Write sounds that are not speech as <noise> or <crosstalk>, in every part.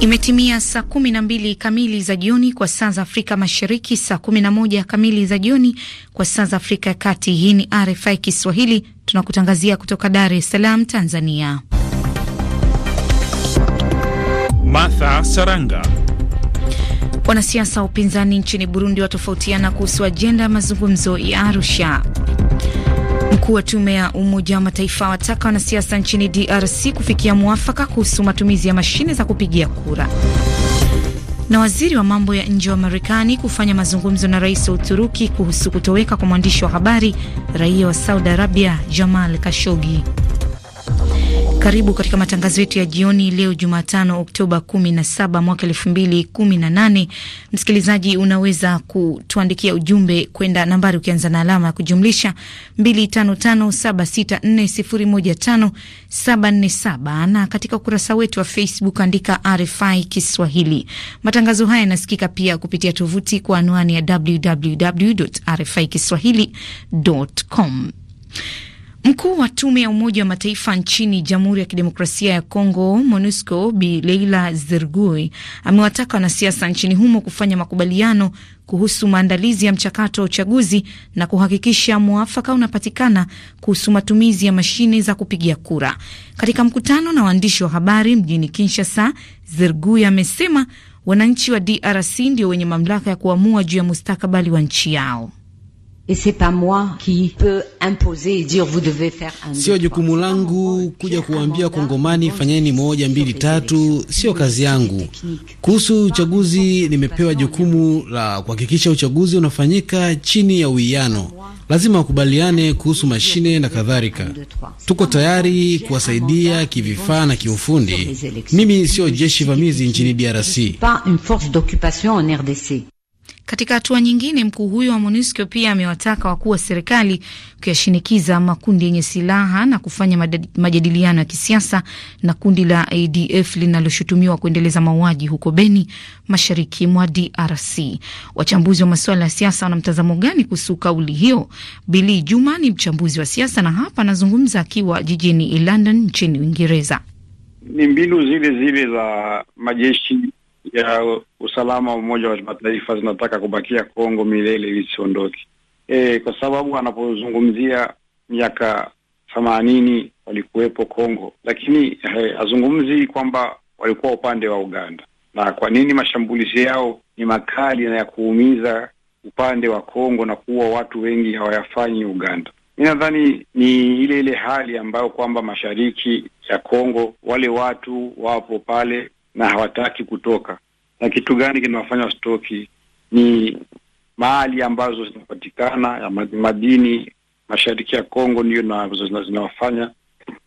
Imetimia saa 12 kamili za jioni kwa saa za Afrika Mashariki, saa 11 kamili za jioni kwa saa za Afrika ya Kati. Hii ni RFI Kiswahili, tunakutangazia kutoka Dar es Salaam, Tanzania. Martha Saranga. Wanasiasa wa upinzani nchini Burundi watofautiana kuhusu ajenda ya mazungumzo ya Arusha. Mkuu wa tume ya Umoja wa Mataifa wataka wanasiasa nchini DRC kufikia mwafaka kuhusu matumizi ya mashine za kupigia kura na waziri wa mambo ya nje wa Marekani kufanya mazungumzo na rais wa Uturuki kuhusu kutoweka kwa mwandishi wa habari raia wa Saudi Arabia Jamal kashogi karibu katika matangazo yetu ya jioni leo Jumatano, Oktoba 17 mwaka 2018. Msikilizaji, unaweza kutuandikia ujumbe kwenda nambari ukianza na alama ya kujumlisha 255764015747 na katika ukurasa wetu wa Facebook andika RFI Kiswahili. Matangazo haya yanasikika pia kupitia tovuti kwa anwani ya www.rfikiswahili.com. Mkuu wa tume ya Umoja wa Mataifa nchini Jamhuri ya Kidemokrasia ya Kongo, MONUSCO, Bi Leila Zergui amewataka wanasiasa nchini humo kufanya makubaliano kuhusu maandalizi ya mchakato wa uchaguzi na kuhakikisha mwafaka unapatikana kuhusu matumizi ya mashine za kupigia kura. Katika mkutano na waandishi wa habari mjini Kinshasa, Zergui amesema wananchi wa DRC ndio wenye mamlaka ya kuamua juu ya mustakabali wa nchi yao. Et c'est pas moi qui peux imposer et dire vous devez faire un. Sio jukumu langu kuja kuambia Kongomani fanyeni moja mbili tatu, sio kazi yangu. Kuhusu uchaguzi, nimepewa jukumu la kuhakikisha uchaguzi unafanyika chini ya uwiano, lazima wakubaliane kuhusu mashine na kadhalika. Tuko tayari kuwasaidia kivifaa na kiufundi. Mimi sio jeshi vamizi nchini DRC. Katika hatua nyingine, mkuu huyo wa MONUSCO pia amewataka wakuu wa serikali kuyashinikiza makundi yenye silaha na kufanya majadiliano ya kisiasa na kundi la ADF linaloshutumiwa kuendeleza mauaji huko Beni, mashariki mwa DRC. Wachambuzi wa masuala ya siasa wana mtazamo gani kuhusu kauli hiyo? Bili Juma ni mchambuzi wa siasa na hapa anazungumza akiwa jijini London nchini Uingereza. Ni mbinu zile zile za majeshi ya usalama wa Umoja wa Mataifa zinataka kubakia Kongo milele ili isiondoke. E, kwa sababu anapozungumzia miaka themanini walikuwepo Kongo, lakini e, azungumzi kwamba walikuwa upande wa Uganda na kwa nini mashambulizi yao ni makali na ya kuumiza upande wa Kongo na kuwa watu wengi hawayafanyi Uganda. Mi nadhani ni ile ile hali ambayo kwamba mashariki ya Kongo wale watu wapo pale na hawataki kutoka. Na kitu gani kinawafanya wasitoki? Ni mali ambazo zinapatikana ya madini mashariki ya Kongo, ndio nazo zinawafanya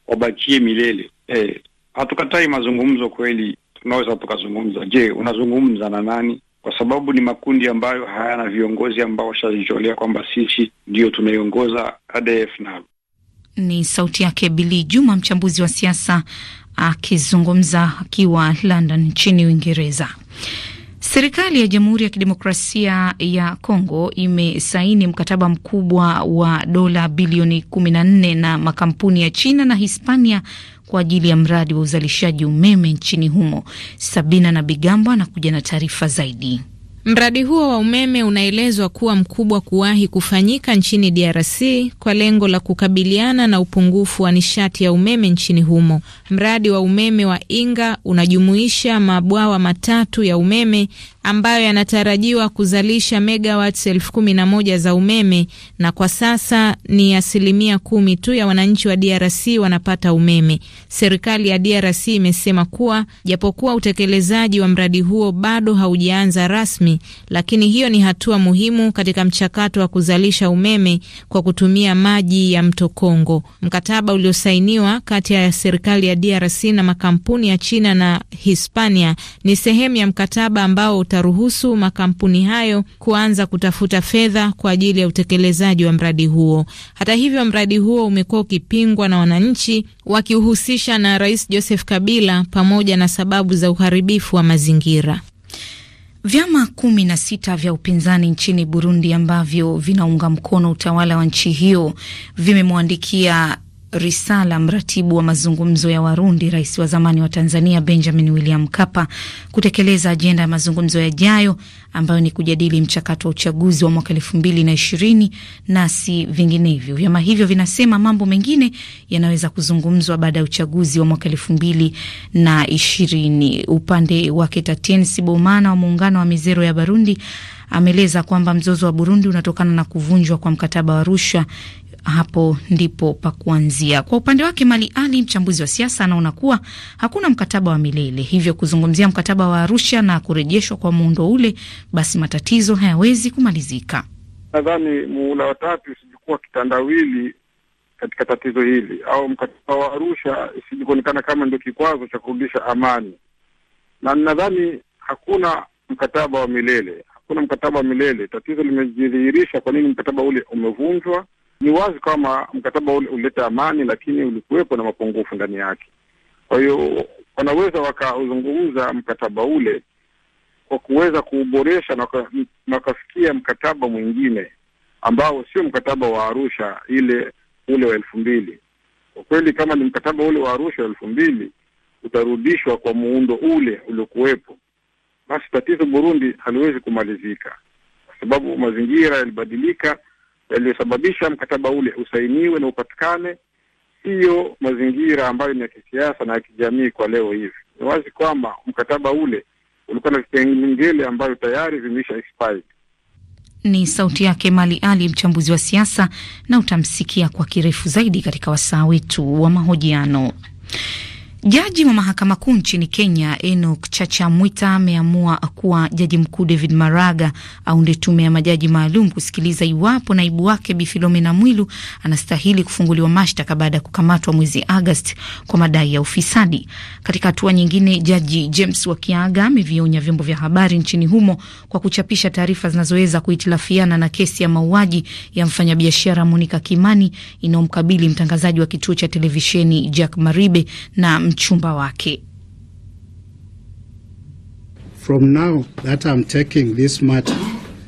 wabakie milele. Eh, hatukatai mazungumzo kweli, tunaweza tukazungumza. Je, unazungumza na nani? Kwa sababu ni makundi ambayo hayana viongozi ambao washajitolea kwamba sisi ndio tunaiongoza ADF. Na ni sauti yake Bili Juma, mchambuzi wa siasa akizungumza akiwa London nchini Uingereza. Serikali ya Jamhuri ya Kidemokrasia ya Kongo imesaini mkataba mkubwa wa dola bilioni 14 na makampuni ya China na Hispania kwa ajili ya mradi wa uzalishaji umeme nchini humo. Sabina na Bigambo anakuja na taarifa zaidi. Mradi huo wa umeme unaelezwa kuwa mkubwa kuwahi kufanyika nchini DRC kwa lengo la kukabiliana na upungufu wa nishati ya umeme nchini humo. Mradi wa umeme wa Inga unajumuisha mabwawa matatu ya umeme ambayo yanatarajiwa kuzalisha megawatts elfu kumi na moja za umeme, na kwa sasa ni asilimia kumi tu ya wananchi wa DRC wanapata umeme. Serikali ya DRC imesema kuwa japokuwa utekelezaji wa mradi huo bado haujaanza rasmi lakini hiyo ni hatua muhimu katika mchakato wa kuzalisha umeme kwa kutumia maji ya mto Kongo. Mkataba uliosainiwa kati ya serikali ya DRC na makampuni ya China na Hispania ni sehemu ya mkataba ambao utaruhusu makampuni hayo kuanza kutafuta fedha kwa ajili ya utekelezaji wa mradi huo. Hata hivyo, mradi huo umekuwa ukipingwa na wananchi wakiuhusisha na Rais Joseph Kabila pamoja na sababu za uharibifu wa mazingira. Vyama kumi na sita vya upinzani nchini Burundi ambavyo vinaunga mkono utawala wa nchi hiyo vimemwandikia risala mratibu wa mazungumzo ya Warundi, rais wa zamani wa Tanzania Benjamin William Mkapa kutekeleza ajenda ya mazungumzo yajayo ambayo ni kujadili mchakato wa uchaguzi wa mwaka elfu mbili na ishirini na si vinginevyo. Vyama hivyo vinasema mambo mengine yanaweza kuzungumzwa baada ya uchaguzi wa mwaka elfu mbili na ishirini. Upande wake Tatien Sibomana wa muungano wa Mizero ya Barundi ameeleza kwamba mzozo wa Burundi unatokana na kuvunjwa kwa mkataba wa rushwa hapo ndipo pa kuanzia. Kwa upande wake, Mali Ali, mchambuzi wa siasa, anaona kuwa hakuna mkataba wa milele, hivyo kuzungumzia mkataba wa Arusha na kurejeshwa kwa muundo ule, basi matatizo hayawezi kumalizika. Nadhani muhula watatu isijikuwa kitandawili katika tatizo hili, au mkataba wa Arusha isijikuonekana kama ndio kikwazo cha kurudisha amani, na nadhani hakuna mkataba wa milele, hakuna mkataba wa milele. Tatizo limejidhihirisha kwa nini mkataba ule umevunjwa ni wazi kwamba mkataba ule ulileta amani, lakini ulikuwepo na mapungufu ndani yake. Kwa hiyo wanaweza wakauzungumza mkataba ule kwa kuweza kuuboresha na wakafikia mkataba mwingine ambao sio mkataba wa Arusha ile ule wa elfu mbili. Kwa kweli kama ni mkataba ule wa Arusha wa elfu mbili utarudishwa kwa muundo ule uliokuwepo, basi tatizo Burundi haliwezi kumalizika, kwa sababu mazingira yalibadilika yaliyosababisha mkataba ule usainiwe na upatikane, siyo mazingira ambayo ni ya kisiasa na ya kijamii kwa leo hivi. Ni wazi kwamba mkataba ule ulikuwa na vipengele ambayo tayari vimeisha Ni sauti yake Mali Ali, mchambuzi wa siasa, na utamsikia kwa kirefu zaidi katika wasaa wetu wa mahojiano. Jaji wa mahakama kuu nchini Kenya Enoch Mwita ameamua kuwa jaji mkuu David Maraga aunde tume ya majaji maalum kusikiliza iwapo naibu wake Bi Philomena Mwilu anastahili kufunguliwa mashtaka baada ya kukamatwa mwezi Agosti kwa madai ya ufisadi. Katika hatua nyingine, jaji James Wakiaga amevionya vyombo vya habari nchini humo kwa kuchapisha taarifa zinazoweza kuhitilafiana na kesi ya mauaji ya mfanyabiashara Monica Kimani inayomkabili mtangazaji wa kituo cha televisheni Jack Maribe na mchumba wake. From now that I'm taking this matter,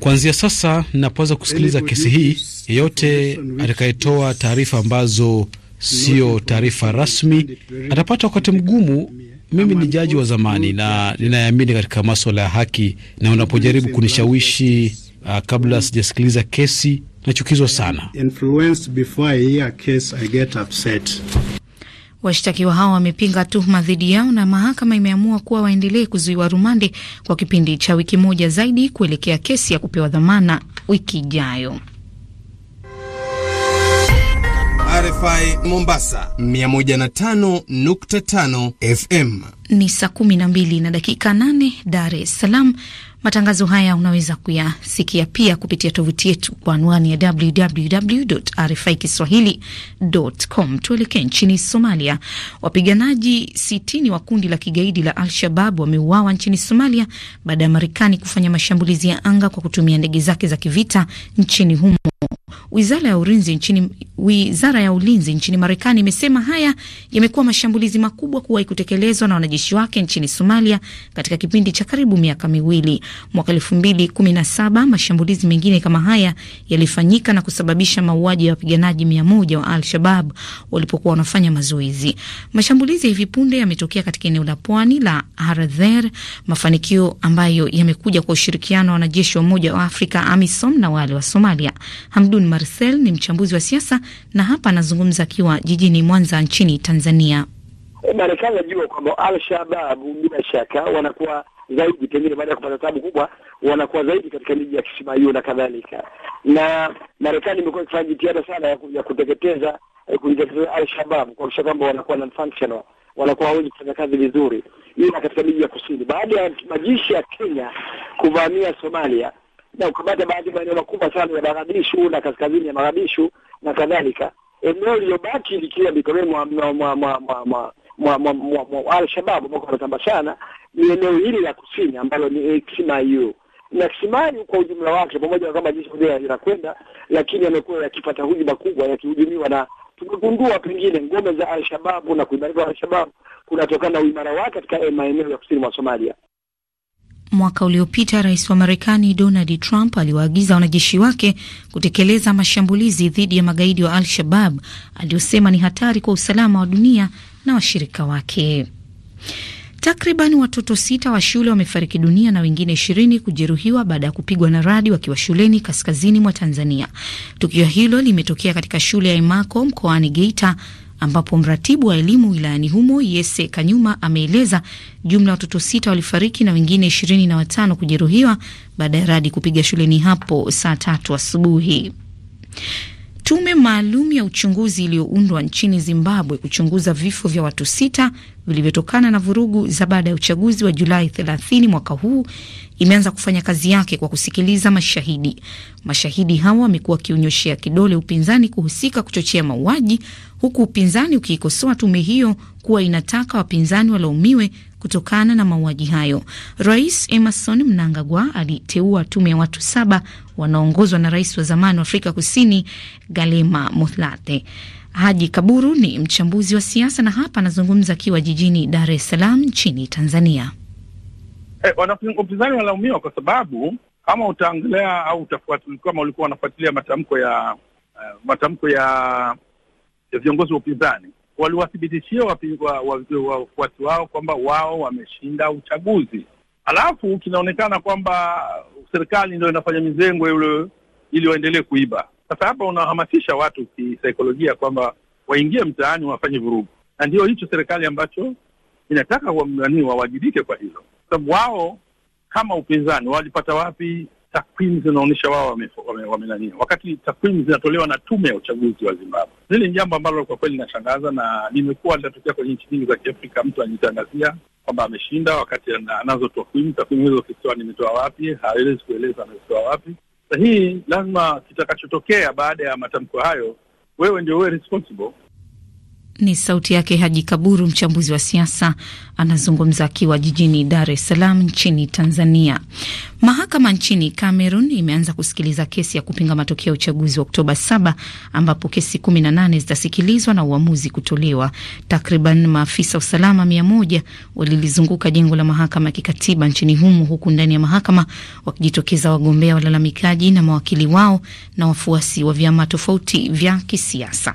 kuanzia sasa ninapoweza kusikiliza kesi hii, yeyote atakayetoa taarifa ambazo sio taarifa rasmi atapata wakati mgumu. Mimi ni jaji wa zamani na ninayeamini katika maswala ya haki, na unapojaribu kunishawishi uh, kabla sijasikiliza kesi nachukizwa sana. Washtakiwa hao wamepinga tuhuma dhidi yao na mahakama imeamua kuwa waendelee kuzuiwa rumande kwa kipindi cha wiki moja zaidi kuelekea kesi ya kupewa dhamana wiki ijayo. RFI Mombasa 105.5 FM. Ni saa 12 na dakika 8 Dar es Salaam Matangazo haya unaweza kuyasikia pia kupitia tovuti yetu kwa anwani ya www RFI kiswahilicom. Tuelekee nchini Somalia. Wapiganaji sitini wa kundi la kigaidi la Al-Shabab wameuawa nchini Somalia baada ya Marekani kufanya mashambulizi ya anga kwa kutumia ndege zake za kivita nchini humo Wizara ya ulinzi nchini, wizara ya ulinzi nchini Marekani imesema haya yamekuwa mashambulizi makubwa kuwahi kutekelezwa na wanajeshi wake nchini Somalia katika kipindi cha karibu miaka miwili. Mwaka elfu mbili kumi na saba mashambulizi mengine kama haya yalifanyika na kusababisha mauaji ya wapiganaji mia moja wa Al-Shabab walipokuwa wanafanya mazoezi. Mashambulizi ya hivi punde yametokea katika eneo la pwani la Haradher, mafanikio ambayo yamekuja kwa ushirikiano wa wanajeshi wa Umoja wa Afrika AMISOM na wale wa Somalia. Hamdun Marcel ni mchambuzi wa siasa na hapa anazungumza akiwa jijini Mwanza nchini Tanzania. Marekani eh, najua kwamba alshababu bila shaka wanakuwa zaidi pengine baada ya kupata tabu kubwa, wanakuwa zaidi katika miji ya Kisimaio na kadhalika, na Marekani imekuwa ikifanya jitihada sana ya, ya kuteketeza eh, kuiteketeza al kuakisha kwamba wanakuwa non-functional, wanakuwa hawezi kufanya kazi vizuri, ila katika miji ya kusini, baada ya majeshi ya Kenya kuvamia Somalia na kukamata baadhi ya maeneo makubwa sana ya Maghadishu na kaskazini ya Maghadishu na kadhalika, eneo lililobaki likiwa mikononi mwa Al-Shabab ambao wanatambashana ni eneo hili la kusini ambalo ni Kismayu na Kismayu kwa ujumla wake, pamoja na kwamba jeshi linakwenda, lakini yamekuwa yakipata hujuma kubwa, yakihujumiwa na tumegundua pengine ngome za alshababu na kuimarika alshababu kunatokana na uimara wake katika maeneo ya kusini mwa Somalia. Mwaka uliopita rais wa Marekani Donald Trump aliwaagiza wanajeshi wake kutekeleza mashambulizi dhidi ya magaidi wa Al-Shabab aliyosema ni hatari kwa usalama wa dunia na washirika wake. Takriban watoto sita wa shule wamefariki dunia na wengine ishirini kujeruhiwa baada ya kupigwa na radi wakiwa shuleni kaskazini mwa Tanzania. Tukio hilo limetokea katika shule ya Imako mkoani Geita ambapo mratibu wa elimu wilayani humo Yese Kanyuma ameeleza jumla ya watoto sita walifariki na wengine ishirini na watano kujeruhiwa baada ya radi kupiga shuleni hapo saa tatu asubuhi. Tume maalum ya uchunguzi iliyoundwa nchini Zimbabwe kuchunguza vifo vya watu sita vilivyotokana na vurugu za baada ya uchaguzi wa Julai 30 mwaka huu imeanza kufanya kazi yake kwa kusikiliza mashahidi. Mashahidi hawa wamekuwa wakionyoshea kidole upinzani kuhusika kuchochea mauaji, huku upinzani ukiikosoa tume hiyo kuwa inataka wapinzani walaumiwe kutokana na mauaji hayo. Rais Emerson Mnangagwa aliteua tume ya watu saba wanaoongozwa na rais wa zamani wa Afrika Kusini Galema Mothlate. Haji Kaburu ni mchambuzi wa siasa na hapa anazungumza akiwa jijini Dar es Salaam nchini Tanzania. Hey, eh, wapinzani wanalaumiwa kwa sababu kama utaangalia au utafuatilia, kama ulikuwa unafuatilia matamko ya uh, matamko ya, ya viongozi wa upinzani waliwathibitishia wafuasi wa, wa, wa, wao kwamba wao wameshinda uchaguzi, alafu kinaonekana kwamba serikali ndio inafanya mizengo ile ili waendelee kuiba. Sasa hapa unahamasisha watu kisaikolojia kwamba waingie mtaani wafanye vurugu, na ndio hicho serikali ambacho inataka wani wawajibike kwa hilo, kwa sababu wao kama upinzani walipata wapi takwimu zinaonyesha wao wamenania wame, wame, wakati takwimu zinatolewa na tume ya uchaguzi wa Zimbabwe. Hili ni jambo ambalo kwa kweli linashangaza na limekuwa linatokea kwenye nchi nyingi za Kiafrika, mtu anajitangazia kwamba ameshinda wakati anazo takwimu. Takwimu hizo ukitoa nimetoa wapi, hawezi kueleza amezitoa wapi hii Lazima kitakachotokea baada ya matamko hayo, wewe ndio uwe responsible ni sauti yake Haji Kaburu, mchambuzi wa siasa, anazungumza akiwa jijini Dar es Salaam nchini Tanzania. Mahakama nchini Cameroon imeanza kusikiliza kesi ya kupinga matokeo ya uchaguzi wa Oktoba 7 ambapo kesi 18 zitasikilizwa na uamuzi kutolewa. Takriban maafisa usalama 100 walilizunguka jengo la mahakama ya kikatiba nchini humo, huku ndani ya mahakama wakijitokeza wagombea walalamikaji na mawakili wao na wafuasi wa vyama tofauti vya kisiasa.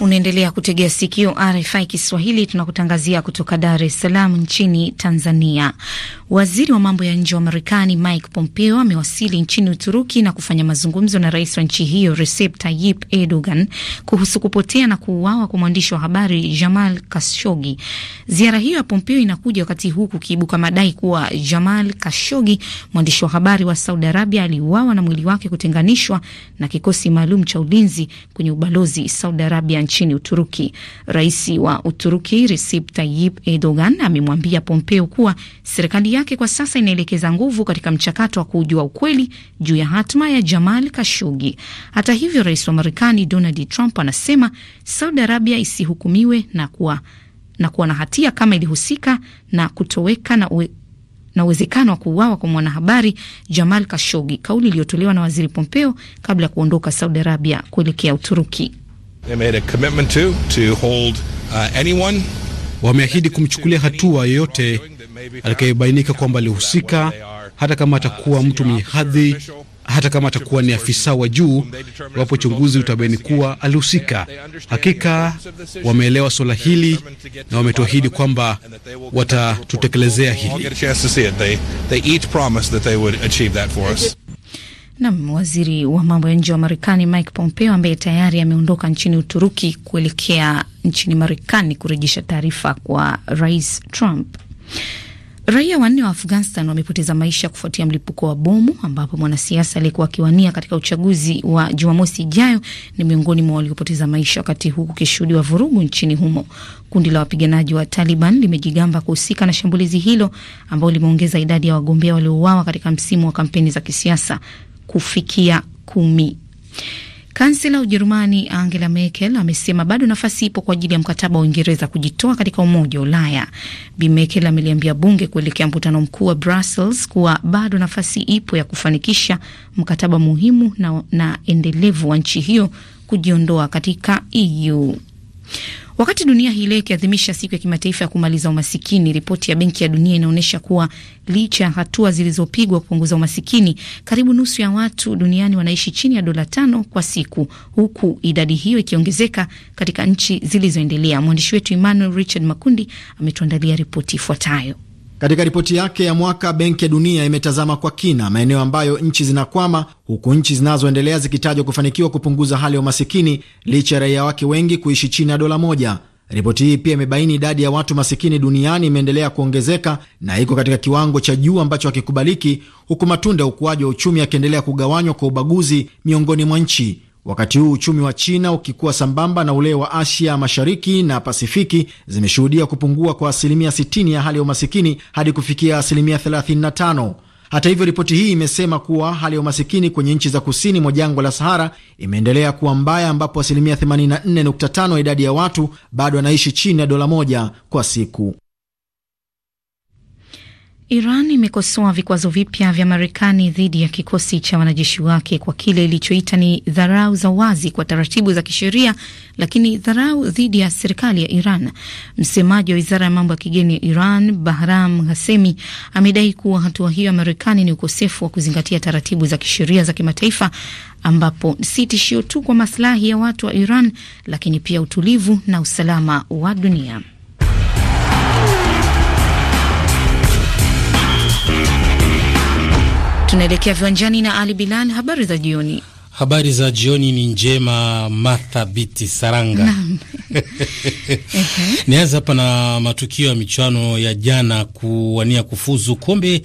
Unaendelea kutegea sikio RFI Kiswahili, tunakutangazia kutoka Dar es Salaam nchini Tanzania. Waziri wa mambo ya nje wa Marekani Mike Pompeo amewasili nchini Uturuki na kufanya mazungumzo na rais wa nchi hiyo Recep Tayyip Erdogan kuhusu kupotea na kuuawa kwa mwandishi wa habari Jamal Kashogi. Ziara hiyo ya Pompeo inakuja wakati huu kukiibuka madai kuwa Jamal Kashogi, mwandishi wa habari wa Saudi Arabia, aliuawa na mwili wake kutenganishwa na kikosi maalum cha ulinzi kwenye ubalozi Saudi Arabia nchini Uturuki. Rais wa Uturuki Recep Tayyip Erdogan amemwambia Pompeo kuwa serikali yake kwa sasa inaelekeza nguvu katika mchakato wa kujua ukweli juu ya hatma ya Jamal Kashogi. Hata hivyo, rais wa Marekani Donald Trump anasema Saudi Arabia isihukumiwe na kuwa na kuwa na hatia kama ilihusika na kutoweka na uwe na uwezekano wa kuuawa kwa mwanahabari Jamal Kashogi, kauli iliyotolewa na waziri Pompeo kabla ya kuondoka Saudi Arabia kuelekea Uturuki. Uh, Wameahidi kumchukulia hatua yoyote atakayebainika kwamba alihusika, hata kama atakuwa mtu mwenye hadhi, hata kama atakuwa ni afisa wa juu. Iwapo uchunguzi utabaini kuwa alihusika, hakika wameelewa suala hili na wametuahidi kwamba watatutekelezea hili. Nam, waziri wa mambo ya nje wa Marekani Mike Pompeo ambaye tayari ameondoka nchini Uturuki kuelekea nchini Marekani kurejesha taarifa kwa Rais Trump. Raia wanne wa Afghanistan wamepoteza maisha kufuatia mlipuko wa bomu ambapo mwanasiasa aliyekuwa akiwania katika uchaguzi wa Jumamosi ijayo ni miongoni mwa waliopoteza maisha, wakati huu kukishuhudiwa vurugu nchini humo. Kundi la wapiganaji wa Taliban limejigamba kuhusika na shambulizi hilo ambao limeongeza idadi ya wagombea waliouawa katika msimu wa kampeni za kisiasa kufikia kumi. Kansela Ujerumani Angela Merkel amesema bado nafasi ipo kwa ajili ya mkataba wa Uingereza kujitoa katika Umoja wa Ulaya. Bi Merkel ameliambia bunge kuelekea mkutano mkuu wa Brussels kuwa bado nafasi ipo ya kufanikisha mkataba muhimu na, na endelevu wa nchi hiyo kujiondoa katika EU. Wakati dunia hii leo ikiadhimisha siku ya kimataifa ya kumaliza umasikini, ripoti ya Benki ya Dunia inaonyesha kuwa licha ya hatua zilizopigwa kupunguza umasikini, karibu nusu ya watu duniani wanaishi chini ya dola tano kwa siku, huku idadi hiyo ikiongezeka katika nchi zilizoendelea. Mwandishi wetu Emmanuel Richard Makundi ametuandalia ripoti ifuatayo. Katika ripoti yake ya mwaka, Benki ya Dunia imetazama kwa kina maeneo ambayo nchi zinakwama, huku nchi zinazoendelea zikitajwa kufanikiwa kupunguza hali ya umasikini licha ya raia wake wengi kuishi chini ya dola moja. Ripoti hii pia imebaini idadi ya watu masikini duniani imeendelea kuongezeka na iko katika kiwango cha juu ambacho hakikubaliki, huku matunda ya ukuaji wa uchumi yakiendelea kugawanywa kwa ubaguzi miongoni mwa nchi. Wakati huu uchumi wa China ukikuwa sambamba na ule wa Asia Mashariki na Pasifiki zimeshuhudia kupungua kwa asilimia 60 ya hali ya umasikini hadi kufikia asilimia 35. Hata hivyo, ripoti hii imesema kuwa hali ya umasikini kwenye nchi za kusini mwa jangwa la Sahara imeendelea kuwa mbaya, ambapo asilimia 84.5 ya idadi ya watu bado wanaishi chini ya dola moja kwa siku. Iran imekosoa vikwazo vipya vya Marekani dhidi ya kikosi cha wanajeshi wake kwa kile ilichoita ni dharau za wazi kwa taratibu za kisheria, lakini dharau dhidi ya serikali ya Iran. Msemaji wa wizara ya mambo ya kigeni ya Iran, Bahram Ghasemi, amedai kuwa hatua hiyo ya Marekani ni ukosefu wa kuzingatia taratibu za kisheria za kimataifa, ambapo si tishio tu kwa maslahi ya watu wa Iran, lakini pia utulivu na usalama wa dunia. Tunaelekea viwanjani na Ali Bilal. Habari za jioni. Habari za jioni ni njema, mathabiti Saranga. <laughs> Nianza hapa na matukio ya michuano ya jana kuwania kufuzu kombe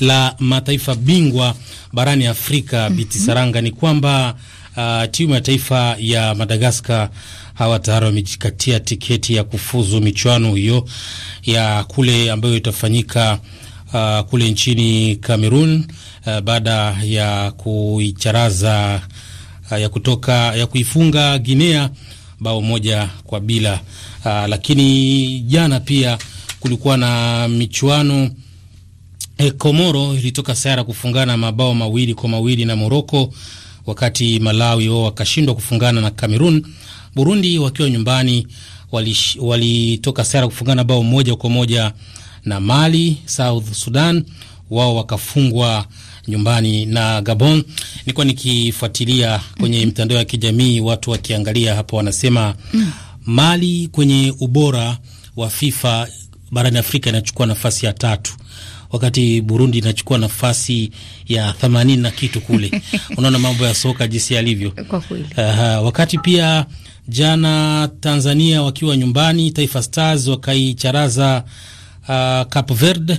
la mataifa bingwa barani Afrika. Mm -hmm. Biti Saranga, ni kwamba uh, timu ya taifa ya Madagaskar hawa tayari wamejikatia tiketi ya kufuzu michuano hiyo ya kule ambayo itafanyika uh, kule nchini Cameroon uh, baada ya kuicharaza uh, ya kutoka ya kuifunga Guinea bao moja kwa bila. Uh, lakini jana pia kulikuwa na michuano eh, Komoro ilitoka sara kufungana mabao mawili kwa mawili na Moroko, wakati Malawi wao wakashindwa kufungana na Cameroon. Burundi wakiwa nyumbani walitoka wali sara kufungana bao moja kwa moja na Mali. South Sudan wao wakafungwa nyumbani na Gabon. Nilikuwa nikifuatilia kwenye mm-hmm. mitandao ya kijamii watu wakiangalia hapo, wanasema mm-hmm. Mali kwenye ubora wa FIFA barani Afrika inachukua nafasi ya tatu wakati Burundi inachukua nafasi ya themanini na kitu kule. <laughs> Unaona mambo ya soka jinsi yalivyo. Uh, wakati pia jana Tanzania wakiwa nyumbani, Taifa Stars wakaicharaza uh, Cape Verde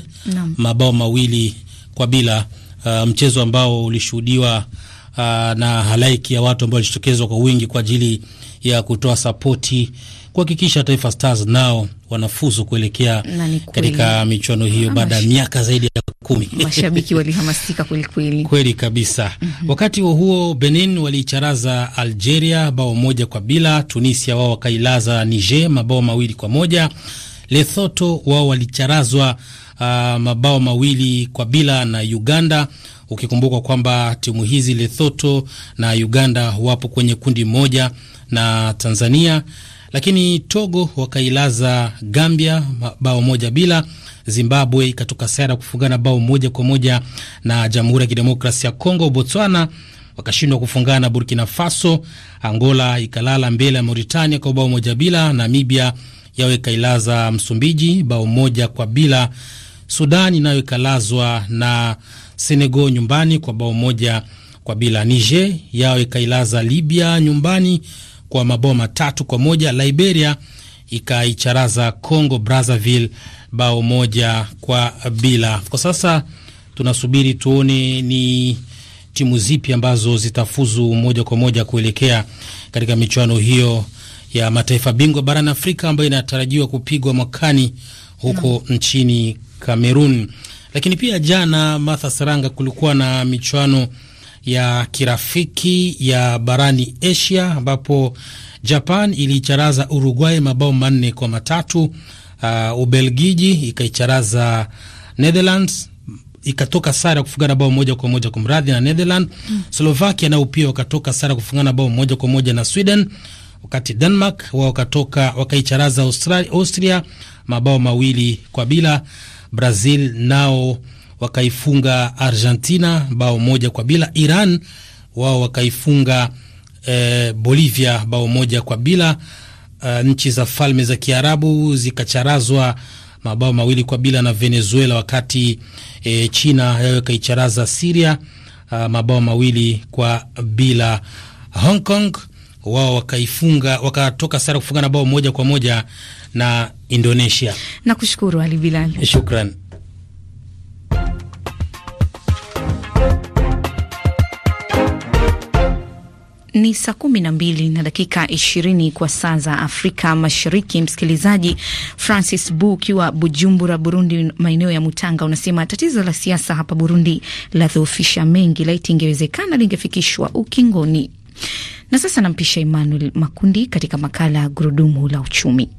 mabao mawili kwa bila uh, mchezo ambao ulishuhudiwa uh, na halaiki ya watu ambao walijitokezwa kwa wingi kwa ajili ya kutoa sapoti kuhakikisha Taifa Stars nao wanafuzu kuelekea katika michuano hiyo ah, baada ya miaka zaidi ya kumi. <laughs> Mashabiki walihamasika kweli kweli, kweli kabisa. mm -hmm. Wakati huo huo, Benin waliicharaza Algeria bao moja kwa bila. Tunisia wao wakailaza Niger mabao mawili kwa moja. Lesotho wao walicharazwa uh, mabao mawili kwa bila na Uganda, ukikumbuka kwamba timu hizi Lesotho na Uganda wapo kwenye kundi moja na Tanzania. Lakini Togo wakailaza Gambia bao moja bila. Zimbabwe ikatoka sare kufungana bao moja kwa moja na Jamhuri ya Kidemokrasia ya Kongo. Botswana wakashindwa kufungana na Burkina Faso. Angola ikalala mbele ya Mauritania kwa bao moja bila. Namibia yawe ikailaza Msumbiji bao moja kwa bila sudan nayo ikalazwa na Senegal nyumbani kwa bao moja kwa bila. Niger yao ikailaza Libya nyumbani kwa mabao matatu kwa moja. Liberia ikaicharaza Congo Brazzaville bao moja kwa bila. Kwa sasa tunasubiri tuone ni timu zipi ambazo zitafuzu moja kwa moja kuelekea katika michuano hiyo ya mataifa bingwa barani Afrika ambayo inatarajiwa kupigwa mwakani huko no. nchini Kamerun. Lakini pia jana, Martha Saranga, kulikuwa na michuano ya kirafiki ya barani Asia ambapo Japan iliicharaza Uruguay mabao manne kwa matatu. Uh, Ubelgiji ikaicharaza Netherlands ikatoka sare kufungana bao moja kwa moja kumradhi na Netherlands. Mm. Slovakia nao pia wakatoka sare kufungana bao moja kwa moja na Sweden, wakati Denmark wao wakatoka wakaicharaza Austria, Austria mabao mawili kwa bila Brazil nao wakaifunga Argentina bao moja kwa bila. Iran wao wakaifunga eh, Bolivia bao moja kwa bila. Uh, nchi za Falme za Kiarabu zikacharazwa mabao mawili kwa bila na Venezuela, wakati eh, China yayo ikaicharaza Siria uh, eh, mabao mawili kwa bila. Hong Kong wao wakaifunga wakatoka sare kufunga na bao moja kwa moja na Indonesia. Nakushukuru Ali Bilal. Shukran. Ni saa kumi na mbili na dakika ishirini kwa saa za Afrika Mashariki. Msikilizaji Francis Bu ukiwa Bujumbura, Burundi, maeneo ya Mutanga, unasema tatizo la siasa hapa Burundi ladhoofisha mengi, laiti ingewezekana lingefikishwa ukingoni. Na sasa nampisha Emmanuel Makundi katika makala ya Gurudumu la Uchumi.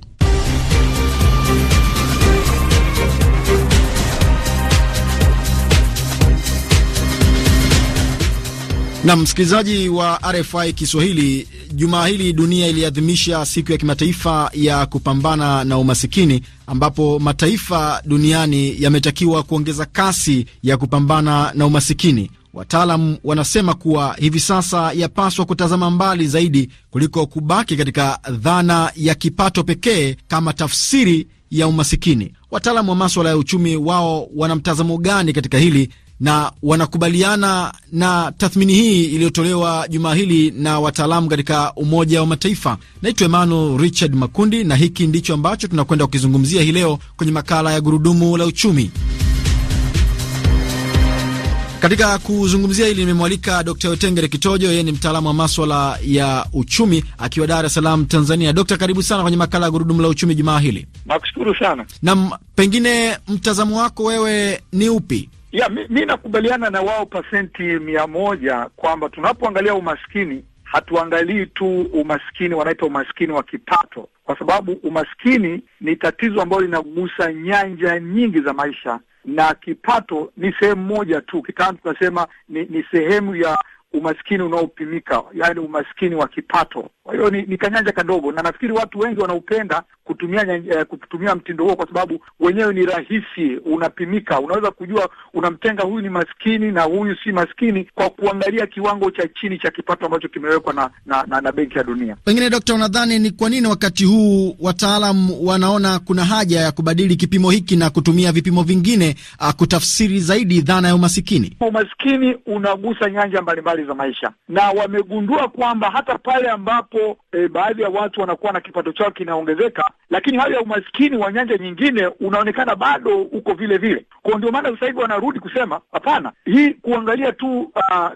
Na msikilizaji wa RFI Kiswahili, jumaa hili dunia iliadhimisha siku ya kimataifa ya kupambana na umasikini, ambapo mataifa duniani yametakiwa kuongeza kasi ya kupambana na umasikini. Wataalam wanasema kuwa hivi sasa yapaswa kutazama mbali zaidi kuliko kubaki katika dhana ya kipato pekee kama tafsiri ya umasikini. Wataalamu wa maswala ya uchumi, wao wana mtazamo gani katika hili? na wanakubaliana na tathmini hii iliyotolewa jumaa hili na wataalamu katika Umoja wa Mataifa. Naitwa Emmanuel Richard Makundi, na hiki ndicho ambacho tunakwenda kukizungumzia hii leo kwenye makala ya Gurudumu la Uchumi. Katika kuzungumzia hili nimemwalika Dkt Wetengere Kitojo, yeye ni mtaalamu wa maswala ya uchumi akiwa Dar es Salaam, Tanzania. Dokta, karibu sana kwenye makala ya gurudumu la uchumi jumaa hili. Nakushukuru sana. Nam, pengine mtazamo wako wewe ni upi ya mi, mi nakubaliana na wao pasenti mia moja kwamba tunapoangalia umaskini hatuangalii tu umaskini wanaita umaskini wa kipato, kwa sababu umaskini ni tatizo ambalo linagusa nyanja nyingi za maisha, na kipato ni sehemu moja tu. Kitaalamu tunasema ni, ni sehemu ya umaskini unaopimika, yaani umaskini wa kipato. Kwa hiyo ni, ni kanyanja kadogo, na nafikiri watu wengi wanaupenda kutumia eh, kutumia mtindo huo kwa sababu wenyewe ni rahisi, unapimika, unaweza kujua, unamtenga huyu ni maskini na huyu si maskini kwa kuangalia kiwango cha chini cha kipato ambacho kimewekwa na, na, na, na Benki ya Dunia. Pengine Dokta, unadhani ni kwa nini wakati huu wataalam wanaona kuna haja ya kubadili kipimo hiki na kutumia vipimo vingine uh, kutafsiri zaidi dhana ya umasikini? Umasikini unagusa nyanja mbalimbali za maisha na wamegundua kwamba hata pale ambapo ambapo e, eh, baadhi ya watu wanakuwa na kipato chao kinaongezeka, lakini hali ya umaskini wa nyanja nyingine unaonekana bado uko vile vile. Kwa ndio maana sasa hivi wanarudi kusema hapana, hii kuangalia tu uh,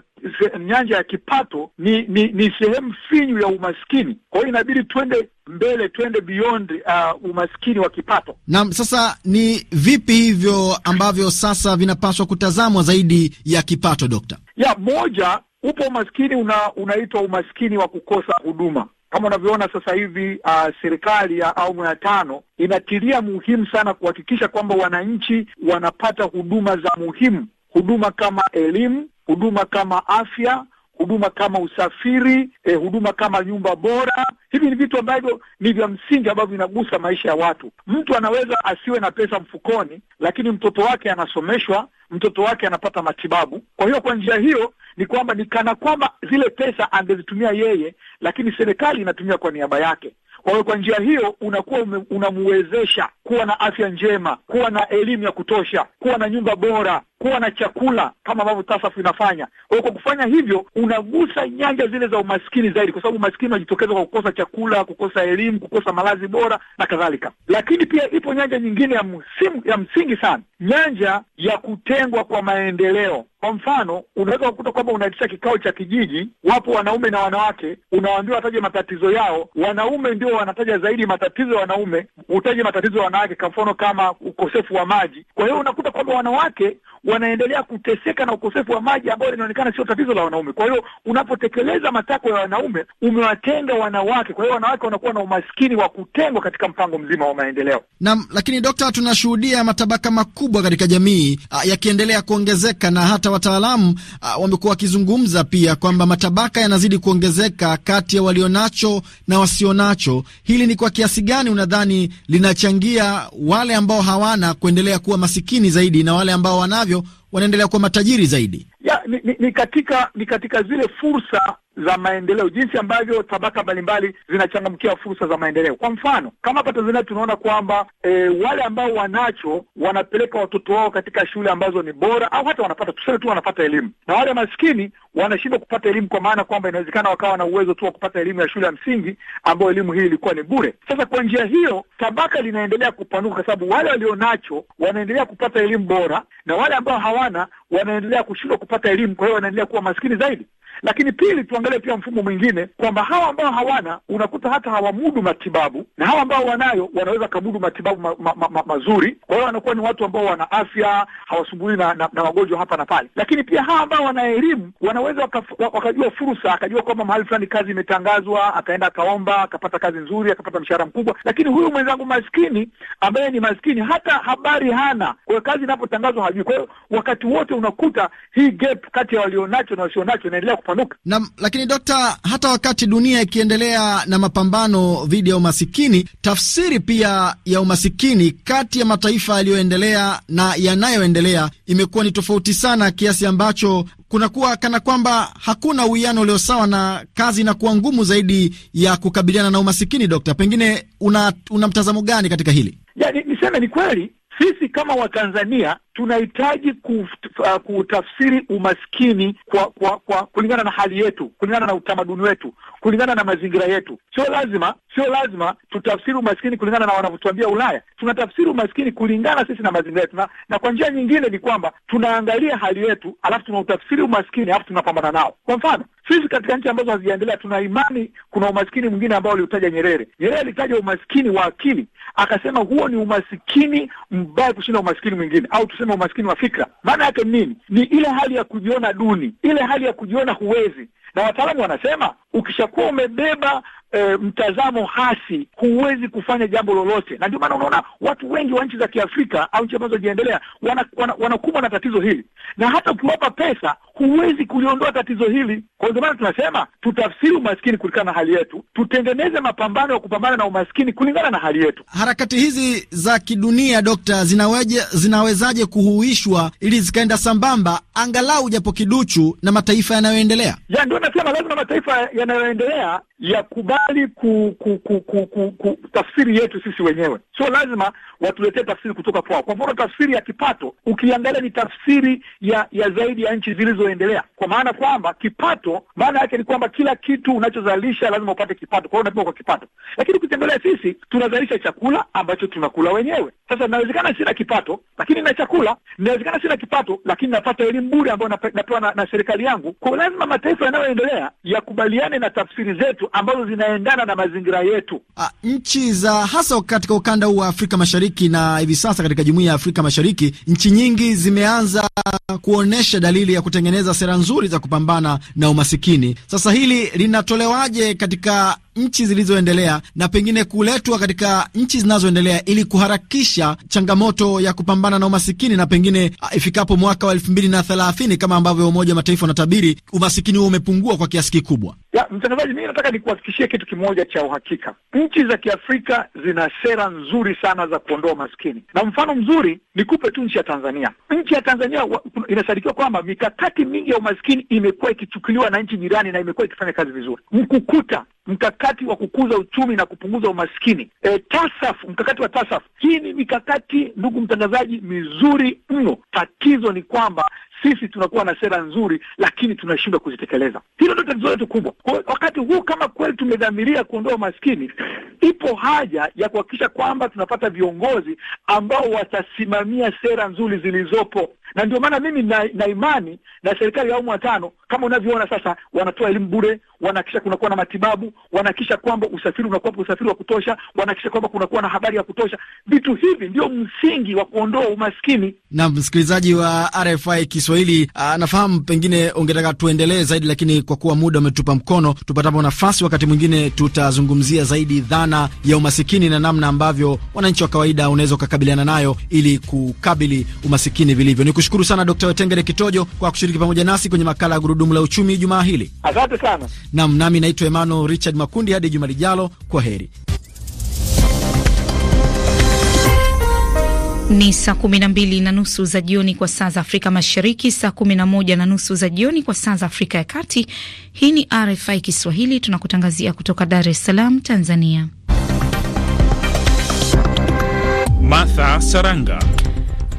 nyanja ya kipato ni ni, ni sehemu finyu ya umaskini. Kwa hiyo inabidi twende mbele, twende beyond uh, umaskini wa kipato. Naam, sasa ni vipi hivyo ambavyo sasa vinapaswa kutazamwa zaidi ya kipato, Dokta? Ya moja upo umaskini una, unaitwa umaskini wa kukosa huduma kama unavyoona sasa hivi uh, serikali ya awamu ya tano inatilia muhimu sana kuhakikisha kwamba wananchi wanapata huduma za muhimu, huduma kama elimu, huduma kama afya, huduma kama usafiri eh, huduma kama nyumba bora. Hivi ni vitu ambavyo ni vya msingi ambavyo vinagusa maisha ya watu. Mtu anaweza asiwe na pesa mfukoni, lakini mtoto wake anasomeshwa, mtoto wake anapata matibabu. Kwa hiyo kwa njia hiyo ni kwamba ni kana kwamba zile pesa angezitumia yeye, lakini serikali inatumia kwa niaba yake. Kwa hiyo kwa njia hiyo unakuwa unamwezesha kuwa na afya njema, kuwa na elimu ya kutosha, kuwa na nyumba bora, kuwa na chakula kama ambavyo TASAF inafanya. Kwa hiyo kwa kufanya hivyo, unagusa nyanja zile za umaskini zaidi, kwa sababu umaskini unajitokeza kwa kukosa chakula, kukosa elimu, kukosa malazi bora na kadhalika. Lakini pia ipo nyanja nyingine ya msimu, ya msingi sana, nyanja ya kutengwa kwa maendeleo. Kwa mfano, unaweza kukuta kwamba unaitisha kikao cha kijiji, wapo wanaume na wanawake, unawaambia wataje matatizo yao. Wanaume ndio wanataja zaidi matatizo ya wanaume, utaje matatizo ya wanawake, kwa mfano kama ukosefu wa maji. Kwa hiyo unakuta kwamba wanawake wanaendelea kuteseka na ukosefu wa maji ambayo linaonekana sio tatizo la wanaume. Kwa hiyo unapotekeleza matakwa ya wanaume umewatenga wanawake, kwa hiyo wanawake wanakuwa na umaskini wa kutengwa katika mpango mzima wa maendeleo. Naam, lakini Dokta, tunashuhudia matabaka makubwa katika jamii ah, yakiendelea kuongezeka na hata wataalamu ah, wamekuwa wakizungumza pia kwamba matabaka yanazidi kuongezeka kati ya walionacho na wasionacho. Hili ni kwa kiasi gani unadhani linachangia wale ambao hawana kuendelea kuwa masikini zaidi na wale ambao wanavyo hivyo wanaendelea kuwa matajiri zaidi. Ya, ni, ni, ni katika ni katika zile fursa za maendeleo, jinsi ambavyo tabaka mbalimbali zinachangamkia fursa za maendeleo. Kwa mfano kama hapa Tanzania tunaona kwamba e, wale ambao wanacho wanapeleka watoto wao katika shule ambazo ni bora, au hata wanapata tuseme tu wanapata elimu, na wale maskini wanashindwa kupata elimu, kwa maana kwamba inawezekana wakawa na uwezo tu wa kupata elimu ya shule ya msingi ambayo elimu hii ilikuwa ni bure. Sasa kwa njia hiyo tabaka linaendelea kupanuka, kwa sababu wale walionacho wanaendelea kupata elimu bora na wale ambao hawana wanaendelea kushindwa kupata elimu, kwa hiyo wanaendelea kuwa maskini zaidi. Lakini pili, tuangalie pia mfumo mwingine kwamba hawa ambao hawana unakuta hata hawamudu matibabu na hawa ambao wanayo wanaweza kamudu matibabu ma, ma, ma, ma, mazuri. Kwa hiyo wanakuwa ni watu ambao wana afya, hawasumbuli na, na, na magonjwa hapa na pale. Lakini pia hawa ambao wana elimu wanaweza wakajua fursa, akajua kwamba mahali fulani kazi imetangazwa, akaenda akaomba, akapata kazi nzuri, akapata mshahara mkubwa. Lakini huyu mwenzangu maskini ambaye ni maskini hata habari hana, kwa hiyo kazi inapotangazwa hajui. Kwa hiyo wakati wote unakuta hii gap kati ya walionacho na wasionacho inaendelea kupanuka. Naam, lakini Dokta, hata wakati dunia ikiendelea na mapambano dhidi ya umasikini, tafsiri pia ya umasikini kati ya mataifa yaliyoendelea na yanayoendelea imekuwa ni tofauti sana, kiasi ambacho kunakuwa kana kwamba hakuna uwiano ulio sawa, na kazi inakuwa ngumu zaidi ya kukabiliana na umasikini. Dokta, pengine una, una mtazamo gani katika hili? Yani, niseme ni kweli sisi kama Watanzania tunahitaji uh, kutafsiri umaskini kwa, kwa, kwa kulingana na hali yetu, kulingana na utamaduni wetu, kulingana na mazingira yetu. Sio lazima, sio lazima tutafsiri umaskini kulingana na wanavyotuambia Ulaya. Tunatafsiri umaskini kulingana sisi na mazingira yetu, na, na kwa njia nyingine ni kwamba tunaangalia hali yetu, alafu tunautafsiri umaskini, alafu tunapambana nao. Kwa mfano sisi katika nchi ambazo hazijaendelea tuna imani kuna umaskini mwingine ambao aliutaja Nyerere. Nyerere alitaja umaskini wa akili, akasema huo ni umaskini mbaya kushinda umaskini mwingine au wanasema umaskini wa fikra, maana yake ni nini? Ni ile hali ya kujiona duni, ile hali ya kujiona huwezi. Na wataalamu wanasema ukishakuwa umebeba e, mtazamo hasi, huwezi kufanya jambo lolote, na ndio maana unaona watu wengi wa nchi za Kiafrika au nchi ambazo hazijaendelea wanakumbwa wana, wana na tatizo hili, na hata ukiwapa pesa huwezi kuliondoa tatizo hili. Kwa hiyo maana tunasema tutafsiri umaskini kulingana na hali yetu, tutengeneze mapambano ya kupambana na umaskini kulingana na hali yetu. Harakati hizi za kidunia, Dokta, zinaweje zinawezaje kuhuishwa ili zikaenda sambamba angalau japo kiduchu na mataifa yanayoendelea? Ya ndio nasema lazima mataifa yanayoendelea yakubali ku, ku, ku, ku, ku, ku tafsiri yetu sisi wenyewe, sio lazima watuletee tafsiri kutoka kwao. Kwa mfano tafsiri ya kipato ukiangalia ni tafsiri ya ya zaidi ya nchi zilizoendelea, kwa maana kwamba kipato maana yake ni kwamba kila kitu unachozalisha lazima upate kipato, kwa hiyo unapima kwa kipato. Lakini ukitembelea sisi tunazalisha chakula ambacho tunakula wenyewe, sasa inawezekana sina kipato, lakini na chakula. Inawezekana sina kipato, lakini napata elimu bure ambayo napewa na, na serikali yangu. Kwa lazima mataifa yanayoendelea yakubaliane na tafsiri zetu ambazo zinaendana na mazingira yetu. A, ah, nchi za hasa katika ukanda huu wa Afrika Mashariki na hivi sasa katika Jumuiya ya Afrika Mashariki, nchi nyingi zimeanza kuonyesha dalili ya kutengeneza sera nzuri za kupambana na umasikini. Sasa hili linatolewaje katika nchi zilizoendelea na pengine kuletwa katika nchi zinazoendelea ili kuharakisha changamoto ya kupambana na umasikini, na pengine ah, ifikapo mwaka wa elfu mbili na thelathini kama ambavyo Umoja wa Mataifa unatabiri umasikini huo umepungua kwa kiasi kikubwa. Mtangazaji, mimi nataka nikuhakikishie kitu kimoja cha uhakika, nchi za Kiafrika zina sera nzuri sana za kuondoa umasikini, na mfano mzuri nikupe tu nchi ya Tanzania. Nchi ya Tanzania inasadikiwa kwamba mikakati mingi ya umasikini imekuwa ikichukuliwa na nchi jirani na imekuwa ikifanya kazi vizuri. Mkukuta mkakati wa kukuza uchumi na kupunguza umaskini e, TASAF, mkakati wa TASAF. Hii ni mikakati, ndugu mtangazaji, mizuri mno. Tatizo ni kwamba sisi tunakuwa na sera nzuri, lakini tunashindwa kuzitekeleza. Hilo ndio tatizo letu kubwa. Kwa wakati huu, kama kweli tumedhamiria kuondoa umaskini, ipo haja ya kuhakikisha kwamba tunapata viongozi ambao watasimamia sera nzuri zilizopo, na ndio maana mimi na, na imani na serikali ya awamu ya tano kama unavyoona sasa, wanatoa elimu bure, wanahakikisha kunakuwa na matibabu, wanahakikisha kwamba usafiri unakuwa usafiri wa kutosha, wanahakikisha kwamba kunakuwa na habari ya kutosha. Vitu hivi ndio msingi wa kuondoa umaskini. Na msikilizaji wa RFI Kiswahili, ah, nafahamu pengine ungetaka tuendelee zaidi, lakini kwa kuwa muda umetupa mkono, tupatapo nafasi wakati mwingine tutazungumzia zaidi dhana ya umasikini na namna ambavyo wananchi wa kawaida unaweza ukakabiliana nayo ili kukabili umasikini vilivyo. Nikushukuru sana Dkt. Wetengere Kitojo kwa kushiriki pamoja nasi kwenye makala ya gurudumu la uchumi jumaa hili. Asante sana. nam, nami naitwa Emmanuel Richard Makundi. Hadi juma lijalo, kwa heri. Ni saa kumi na mbili na nusu za jioni kwa saa za Afrika Mashariki, saa kumi na moja na nusu za jioni kwa saa za Afrika ya Kati. Hii ni RFI Kiswahili, tunakutangazia kutoka Dar es Salaam, Tanzania. Martha Saranga.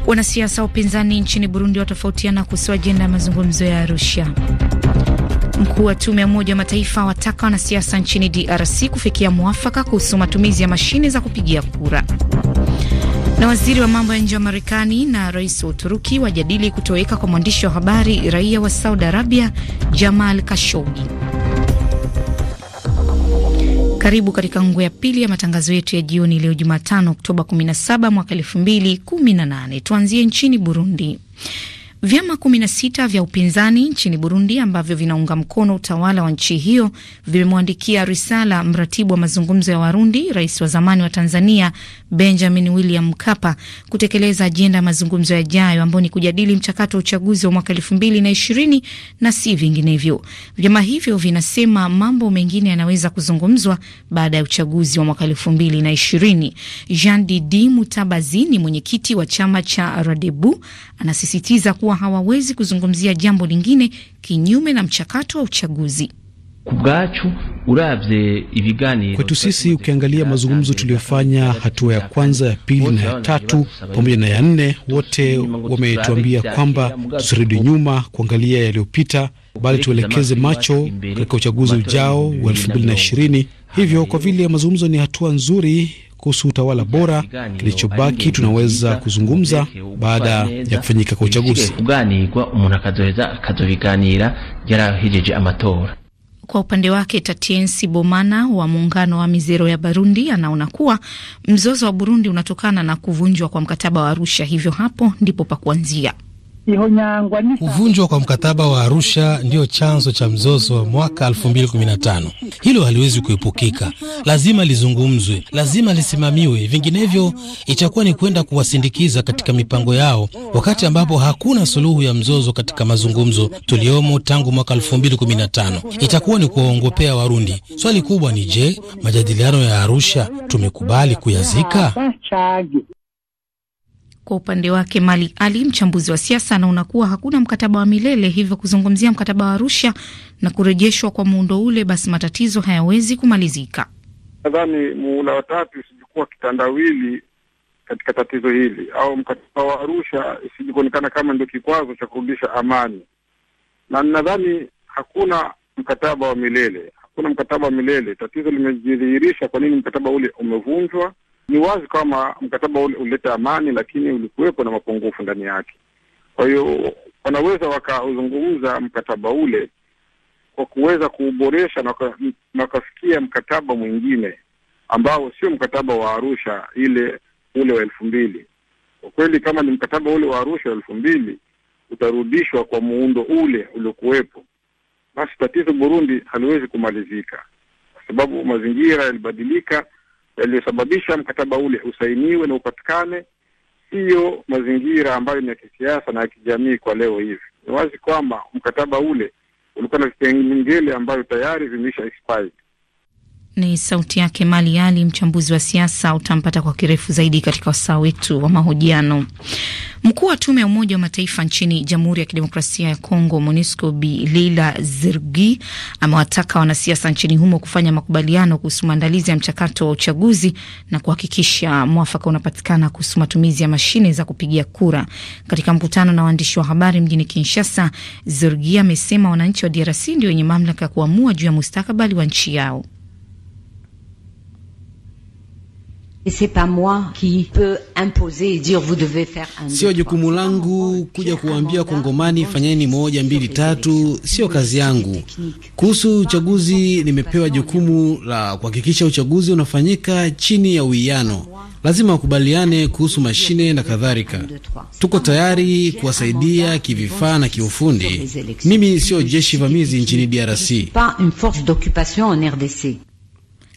Wanasiasa wa upinzani nchini Burundi watofautiana kuhusu ajenda ya mazungumzo ya Arusha. Mkuu wa tume ya Umoja wa Mataifa wataka wanasiasa nchini DRC kufikia mwafaka kuhusu matumizi ya mashine za kupigia kura. Na waziri wa mambo ya nje wa Marekani na rais wa Uturuki wajadili kutoweka kwa mwandishi wa habari raia wa Saudi Arabia Jamal kashogi karibu katika nguo ya pili ya matangazo yetu ya jioni leo Jumatano, Oktoba 17 mwaka 2018. Tuanzie nchini Burundi. Vyama 16 vya upinzani nchini Burundi ambavyo vinaunga mkono utawala wa nchi hiyo vimemwandikia risala mratibu wa mazungumzo ya Warundi, rais wa zamani wa Tanzania Benjamin William Mkapa kutekeleza ajenda ya mazungumzo yajayo ambayo ni kujadili mchakato wa uchaguzi wa mwaka elfu mbili na ishirini na si vinginevyo. Vyama hivyo vinasema mambo mengine yanaweza kuzungumzwa baada ya uchaguzi wa mwaka elfu mbili na ishirini. Jean Didi Mutabazi ni mwenyekiti wa chama cha Radebu, anasisitiza ku kuwa hawawezi kuzungumzia jambo lingine kinyume na mchakato wa uchaguzi. Kwetu sisi, ukiangalia mazungumzo tuliyofanya, hatua ya kwanza, ya pili na ya tatu pamoja na ya nne, wote wametuambia kwamba tusirudi nyuma kuangalia yaliyopita, bali tuelekeze macho katika uchaguzi ujao wa elfu mbili na ishirini Hivyo kwa vile mazungumzo ni hatua nzuri kuhusu utawala bora, kilichobaki tunaweza kuzungumza baada ya kufanyika kwa uchaguzi. Kwa upande wake Tatiensi Bomana wa muungano wa Mizero ya Barundi anaona kuwa mzozo wa Burundi unatokana na kuvunjwa kwa mkataba wa Arusha, hivyo hapo ndipo pa kuanzia. Kuvunjwa kwa mkataba wa Arusha ndiyo chanzo cha mzozo wa mwaka 2015. Hilo haliwezi kuepukika, lazima lizungumzwe, lazima lisimamiwe, vinginevyo itakuwa ni kwenda kuwasindikiza katika mipango yao, wakati ambapo hakuna suluhu ya mzozo katika mazungumzo tuliyomo tangu mwaka 2015. Itakuwa ni kuwaongopea Warundi. Swali kubwa ni je, majadiliano ya Arusha tumekubali kuyazika? Kwa upande wake Mali Ali, mchambuzi wa siasa, anaona kuwa hakuna mkataba wa milele, hivyo kuzungumzia mkataba wa Arusha na kurejeshwa kwa muundo ule, basi matatizo hayawezi kumalizika. Nadhani muhula watatu isijikuwa kitandawili katika tatizo hili, au mkataba wa Arusha isijikuonekana kama ndio kikwazo cha kurudisha amani, na nadhani hakuna mkataba wa milele, hakuna mkataba wa milele. Tatizo limejidhihirisha kwa nini mkataba ule umevunjwa ni wazi kwamba mkataba ulileta amani, lakini ulikuwepo na mapungufu ndani yake. Kwa hiyo wanaweza wakauzungumza mkataba ule kwa kuweza kuuboresha na wakafikia mkataba mwingine ambao sio mkataba wa Arusha ile ule wa elfu mbili. Kwa kweli kama ni mkataba ule wa Arusha wa elfu mbili utarudishwa kwa muundo ule uliokuwepo, basi tatizo Burundi haliwezi kumalizika, kwa sababu mazingira yalibadilika yaliyosababisha mkataba ule usainiwe na upatikane, siyo mazingira ambayo ni ya kisiasa na ya kijamii kwa leo hivi. Ni wazi kwamba mkataba ule ulikuwa na vipengele ambayo tayari vimeisha expired. Ni sauti yake Mali Ali, mchambuzi wa siasa. Utampata kwa kirefu zaidi katika wasaa wetu wa mahojiano. Mkuu wa tume ya Umoja wa Mataifa nchini Jamhuri ya Kidemokrasia ya Kongo, MONUSCO, Bi Leila Zergi amewataka wanasiasa nchini humo kufanya makubaliano kuhusu maandalizi ya mchakato wa uchaguzi na kuhakikisha mwafaka unapatikana kuhusu matumizi ya mashine za kupigia kura. Katika mkutano na waandishi wa habari mjini Kinshasa, Zergi amesema wananchi wa DRC ndio wenye mamlaka ya kuamua juu ya mustakabali wa nchi yao. c'est pas moi qui peut imposer et dire vous devez faire un, sio jukumu langu kuja kuambia Kongomani fanyeni moja mbili tatu, sio kazi yangu. Kuhusu uchaguzi, nimepewa jukumu la kuhakikisha uchaguzi unafanyika chini ya uwiano, lazima wakubaliane kuhusu mashine na kadhalika. Tuko tayari kuwasaidia kivifaa na kiufundi. Mimi sio jeshi vamizi nchini DRC.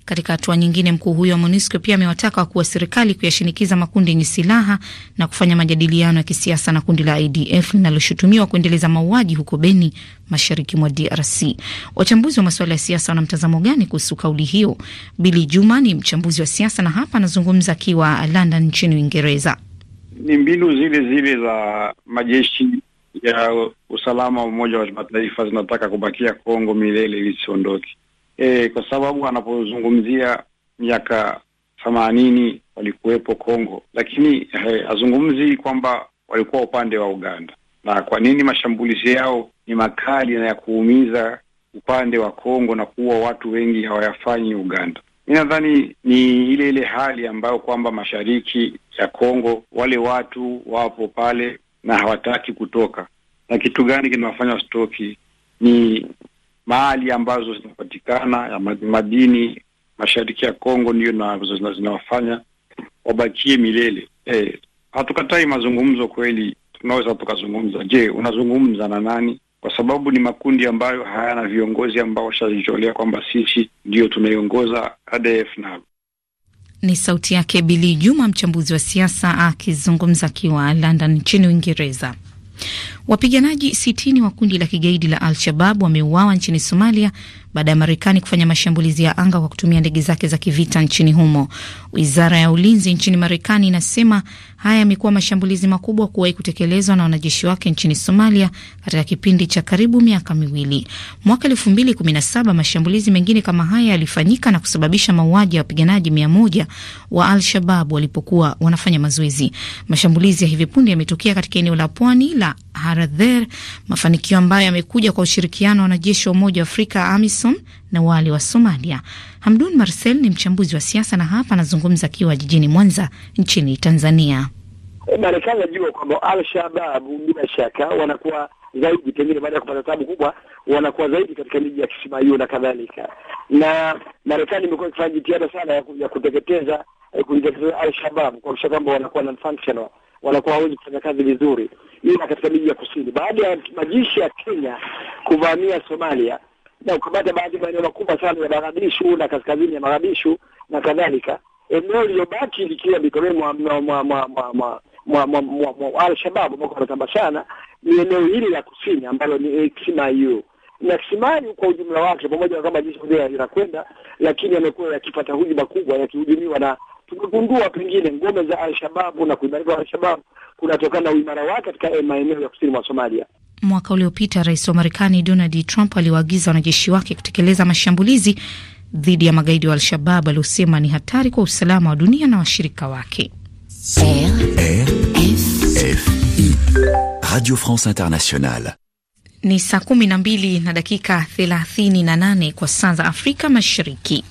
Katika hatua nyingine, mkuu huyo wa MONUSCO pia amewataka wakuu wa serikali kuyashinikiza makundi yenye silaha na kufanya majadiliano ya kisiasa na kundi la ADF linaloshutumiwa kuendeleza mauaji huko Beni, mashariki mwa DRC. Wachambuzi wa masuala ya siasa wana mtazamo gani kuhusu kauli hiyo? Bili Juma ni mchambuzi wa siasa na hapa anazungumza akiwa London nchini Uingereza. Ni mbinu zile zile za majeshi ya usalama wa Umoja wa Mataifa zinataka kubakia Kongo milele lisiondoke e, kwa sababu anapozungumzia miaka themanini walikuwepo Kongo, lakini eh, azungumzi kwamba walikuwa upande wa Uganda na kwa nini mashambulizi yao ni makali na ya kuumiza upande wa Kongo na kuwa watu wengi hawayafanyi Uganda. Mi nadhani ni ile ile hali ambayo kwamba mashariki ya Kongo wale watu wapo pale na hawataki kutoka. Na kitu gani kinawafanya wasitoki? Ni mali ambazo zinapatikana madini mashariki ya Kongo ndio zinawafanya wabakie milele. Eh, hatukatai mazungumzo kweli, tunaweza tukazungumza. Je, unazungumza na nani? Kwa sababu ni makundi ambayo hayana viongozi ambao washajitolea kwamba sisi ndiyo tunaiongoza ADF. Na ni sauti yake Bili Juma, mchambuzi wa siasa akizungumza akiwa London nchini Uingereza. Wapiganaji sitini wa kundi la kigaidi la Al-Shabab wameuawa nchini Somalia baada ya Marekani kufanya mashambulizi ya anga kwa kutumia ndege zake za kivita nchini humo. Wizara ya ulinzi nchini Marekani inasema Haya yamekuwa mashambulizi makubwa kuwahi kutekelezwa na wanajeshi wake nchini Somalia katika kipindi cha karibu miaka miwili. Mwaka elfu mbili kumi na saba mashambulizi mengine kama haya yalifanyika na kusababisha mauaji ya wapiganaji mia moja wa Al-Shabab walipokuwa wanafanya mazoezi. Mashambulizi ya hivi punde yametokea katika eneo la pwani la Haradher, mafanikio ambayo yamekuja kwa ushirikiano wa wanajeshi wa Umoja wa Afrika AMISOM na wale wa Somalia. Hamdun Marcel ni mchambuzi wa siasa na hapa anazungumza akiwa jijini Mwanza nchini Tanzania. Eh, Marekani najua kwamba Al-Shababu bila shaka wanakuwa zaidi pengine baada ya kupata tabu kubwa, wanakuwa zaidi katika miji ya Kisimaio na kadhalika, na Marekani imekuwa ikifanya jitihada sana ya, ya kuteketeza eh, kuiteketeza al kuakisha kwamba wanakuwa non-functional, wanakuwa hawezi kufanya kazi vizuri, ila katika miji ya kusini. Baada ya majeshi ya Kenya kuvamia Somalia, na kukamata baadhi ya maeneo makubwa sana ya Magadishu na kaskazini ya Magadishu na kadhalika, eneo lililobaki likiwa mikononi mwa Al-Shababu ambao sana ni eneo hili la kusini ambalo ni Kismayu na Kismayu kwa ujumla wake, pamoja na kwamba jeshi linakwenda, lakini yamekuwa yakipata hujuma kubwa, yakihujumiwa na tumegundua pengine ngome za Alshababu na kuimarika Alshababu kunatokana na uimara wake katika maeneo ya kusini mwa Somalia. Mwaka uliopita rais wa Marekani Donald Trump aliwaagiza wanajeshi wake kutekeleza mashambulizi dhidi ya magaidi wa Al-Shabab aliosema ni hatari kwa usalama wa dunia na washirika wake. RFI Radio France Internationale. Ni saa 12 na dakika 38 kwa saa za Afrika Mashariki.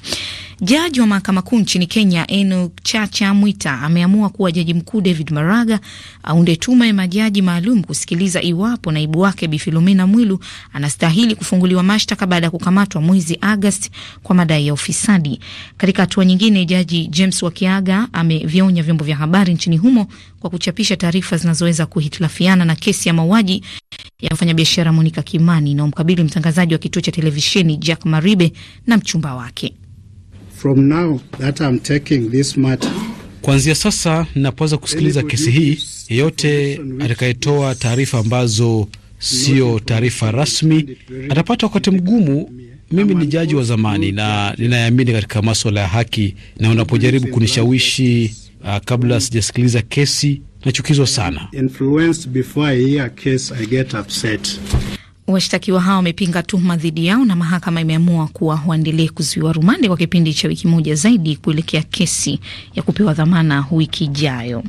Jaji wa mahakama kuu nchini Kenya Enoch Chacha Mwita ameamua kuwa jaji mkuu David Maraga aunde tume ya majaji maalum kusikiliza iwapo naibu wake Bi Filomena Mwilu anastahili kufunguliwa mashtaka baada ya kukamatwa mwezi Agosti kwa madai ya ufisadi. Katika hatua nyingine, jaji James Wakiaga amevionya vyombo vya habari nchini humo kwa kuchapisha taarifa zinazoweza kuhitilafiana na kesi ya mauaji ya mfanyabiashara Monica Kimani inayomkabili mtangazaji wa kituo cha televisheni Jack Maribe na mchumba wake. From now that I'm taking this matter, kuanzia sasa ninapoanza kusikiliza kesi hii, yeyote atakayetoa taarifa ambazo sio taarifa rasmi atapata wakati mgumu. Mimi ni jaji wa zamani na ninaamini katika maswala ya haki, na unapojaribu kunishawishi uh, kabla sijasikiliza kesi nachukizwa sana. Washtakiwa hao wamepinga tuhuma dhidi yao na mahakama imeamua kuwa waendelee kuzuiwa rumande kwa kipindi cha wiki moja zaidi kuelekea kesi ya kupewa dhamana wiki ijayo.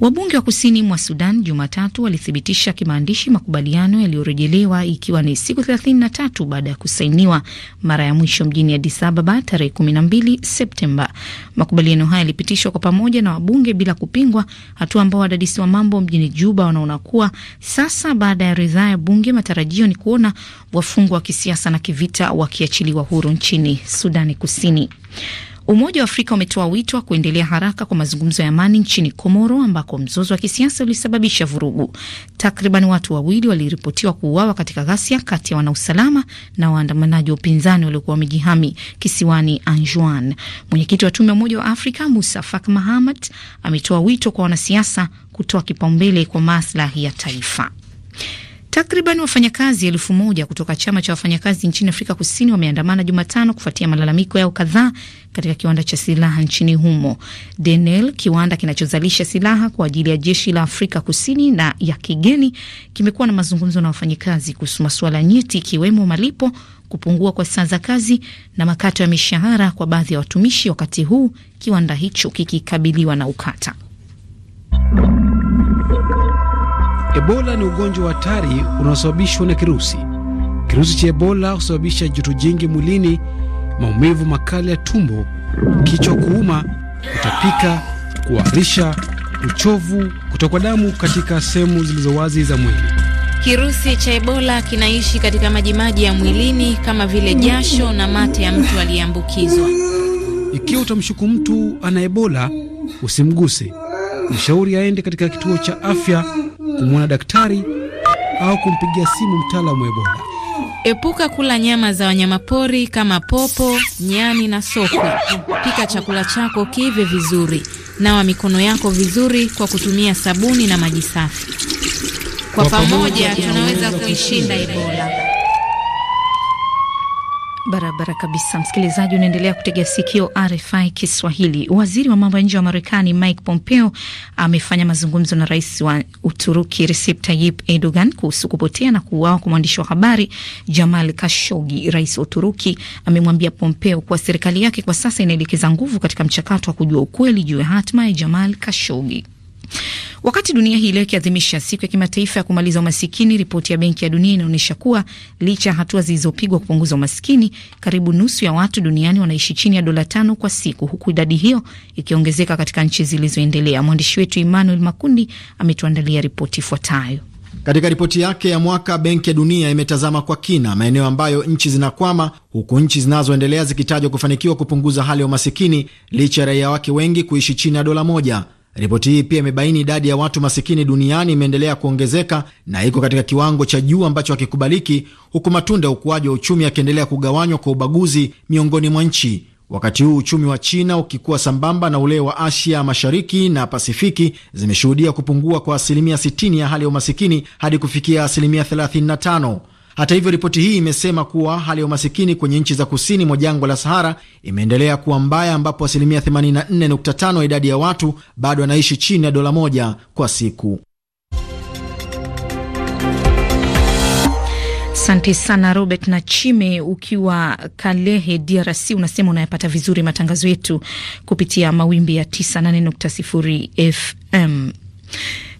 Wabunge wa kusini mwa Sudan Jumatatu walithibitisha kimaandishi makubaliano yaliyorejelewa ikiwa ni siku 33 baada ya kusainiwa mara ya mwisho mjini Addis Ababa tarehe 12 Septemba. Makubaliano haya yalipitishwa kwa pamoja na wabunge bila kupingwa, hatua ambao wadadisi wa mambo mjini Juba wanaona kuwa sasa baada ya ridhaa ya bunge, matarajio ni kuona wafungwa wa kisiasa na kivita wakiachiliwa huru nchini Sudani Kusini. Umoja wa Afrika umetoa wito wa kuendelea haraka kwa mazungumzo ya amani nchini Komoro ambako mzozo wa kisiasa ulisababisha vurugu. Takriban watu wawili waliripotiwa kuuawa katika ghasia kati ya wanausalama na waandamanaji wa upinzani waliokuwa wamejihami kisiwani Anjuan. Mwenyekiti wa tume ya Umoja wa Afrika Musa Fak Mahamat ametoa wito kwa wanasiasa kutoa kipaumbele kwa maslahi ya taifa. Takriban wafanyakazi elfu moja kutoka chama cha wafanyakazi nchini Afrika Kusini wameandamana Jumatano kufuatia malalamiko yao kadhaa katika kiwanda cha silaha nchini humo. Denel, kiwanda kinachozalisha silaha kwa ajili ya jeshi la Afrika Kusini na ya kigeni, kimekuwa na mazungumzo na wafanyakazi kuhusu masuala nyeti, ikiwemo malipo, kupungua kwa saa za kazi na makato ya mishahara kwa baadhi ya watumishi, wakati huu kiwanda hicho kikikabiliwa na ukata Ebola ni ugonjwa wa hatari unaosababishwa na kirusi. Kirusi cha Ebola husababisha joto jingi mwilini, maumivu makali ya tumbo, kichwa kuuma, kutapika, kuharisha, uchovu, kutokwa damu katika sehemu zilizo wazi za mwili. Kirusi cha Ebola kinaishi katika majimaji ya mwilini kama vile jasho na mate ya mtu aliyeambukizwa. Ikiwa utamshuku mtu ana Ebola, usimguse, mshauri aende katika kituo cha afya kumwona daktari au kumpigia simu mtaalamu wa Ebola. Epuka kula nyama za wanyamapori kama popo, nyani na sokwe. Pika chakula chako kive vizuri. Nawa mikono yako vizuri kwa kutumia sabuni na maji safi. Kwa pamoja tunaweza kuishinda Ebola. Barabara kabisa, msikilizaji, unaendelea kutegea sikio RFI Kiswahili. Waziri wa mambo ya nje wa Marekani Mike Pompeo amefanya mazungumzo na rais wa Uturuki Recep Tayyip Erdogan kuhusu kupotea na kuuawa kwa mwandishi wa habari Jamal kashogi Rais wa Uturuki amemwambia Pompeo kuwa serikali yake kwa sasa inaelekeza nguvu katika mchakato wa kujua ukweli juu ya hatima ya Jamal kashogi Wakati dunia hii leo ikiadhimisha siku ya kimataifa ya kumaliza umasikini, ripoti ya Benki ya Dunia inaonyesha kuwa licha ya hatua zilizopigwa kupunguza umasikini, karibu nusu ya watu duniani wanaishi chini ya dola tano kwa siku, huku idadi hiyo ikiongezeka katika nchi zilizoendelea. Mwandishi wetu Emmanuel Makundi ametuandalia ripoti ifuatayo. Katika ripoti yake ya mwaka Benki ya Dunia imetazama kwa kina maeneo ambayo nchi zinakwama, huku nchi zinazoendelea zikitajwa kufanikiwa kupunguza hali ya umasikini licha ya raia wake wengi kuishi chini ya dola moja. Ripoti hii pia imebaini idadi ya watu masikini duniani imeendelea kuongezeka na iko katika kiwango cha juu ambacho hakikubaliki, huku matunda ya ukuaji wa uchumi yakiendelea kugawanywa kwa ubaguzi miongoni mwa nchi. Wakati huu uchumi wa China ukikuwa sambamba na ule wa Asia Mashariki na Pasifiki zimeshuhudia kupungua kwa asilimia 60 ya hali ya umasikini hadi kufikia asilimia 35. Hata hivyo, ripoti hii imesema kuwa hali ya umasikini kwenye nchi za kusini mwa jangwa la Sahara imeendelea kuwa mbaya, ambapo asilimia 84.5 ya idadi ya watu bado wanaishi chini ya dola moja kwa siku. Asante sana Robert na Chime, ukiwa Kalehe, DRC, unasema unayapata vizuri matangazo yetu kupitia mawimbi ya 98.0 FM.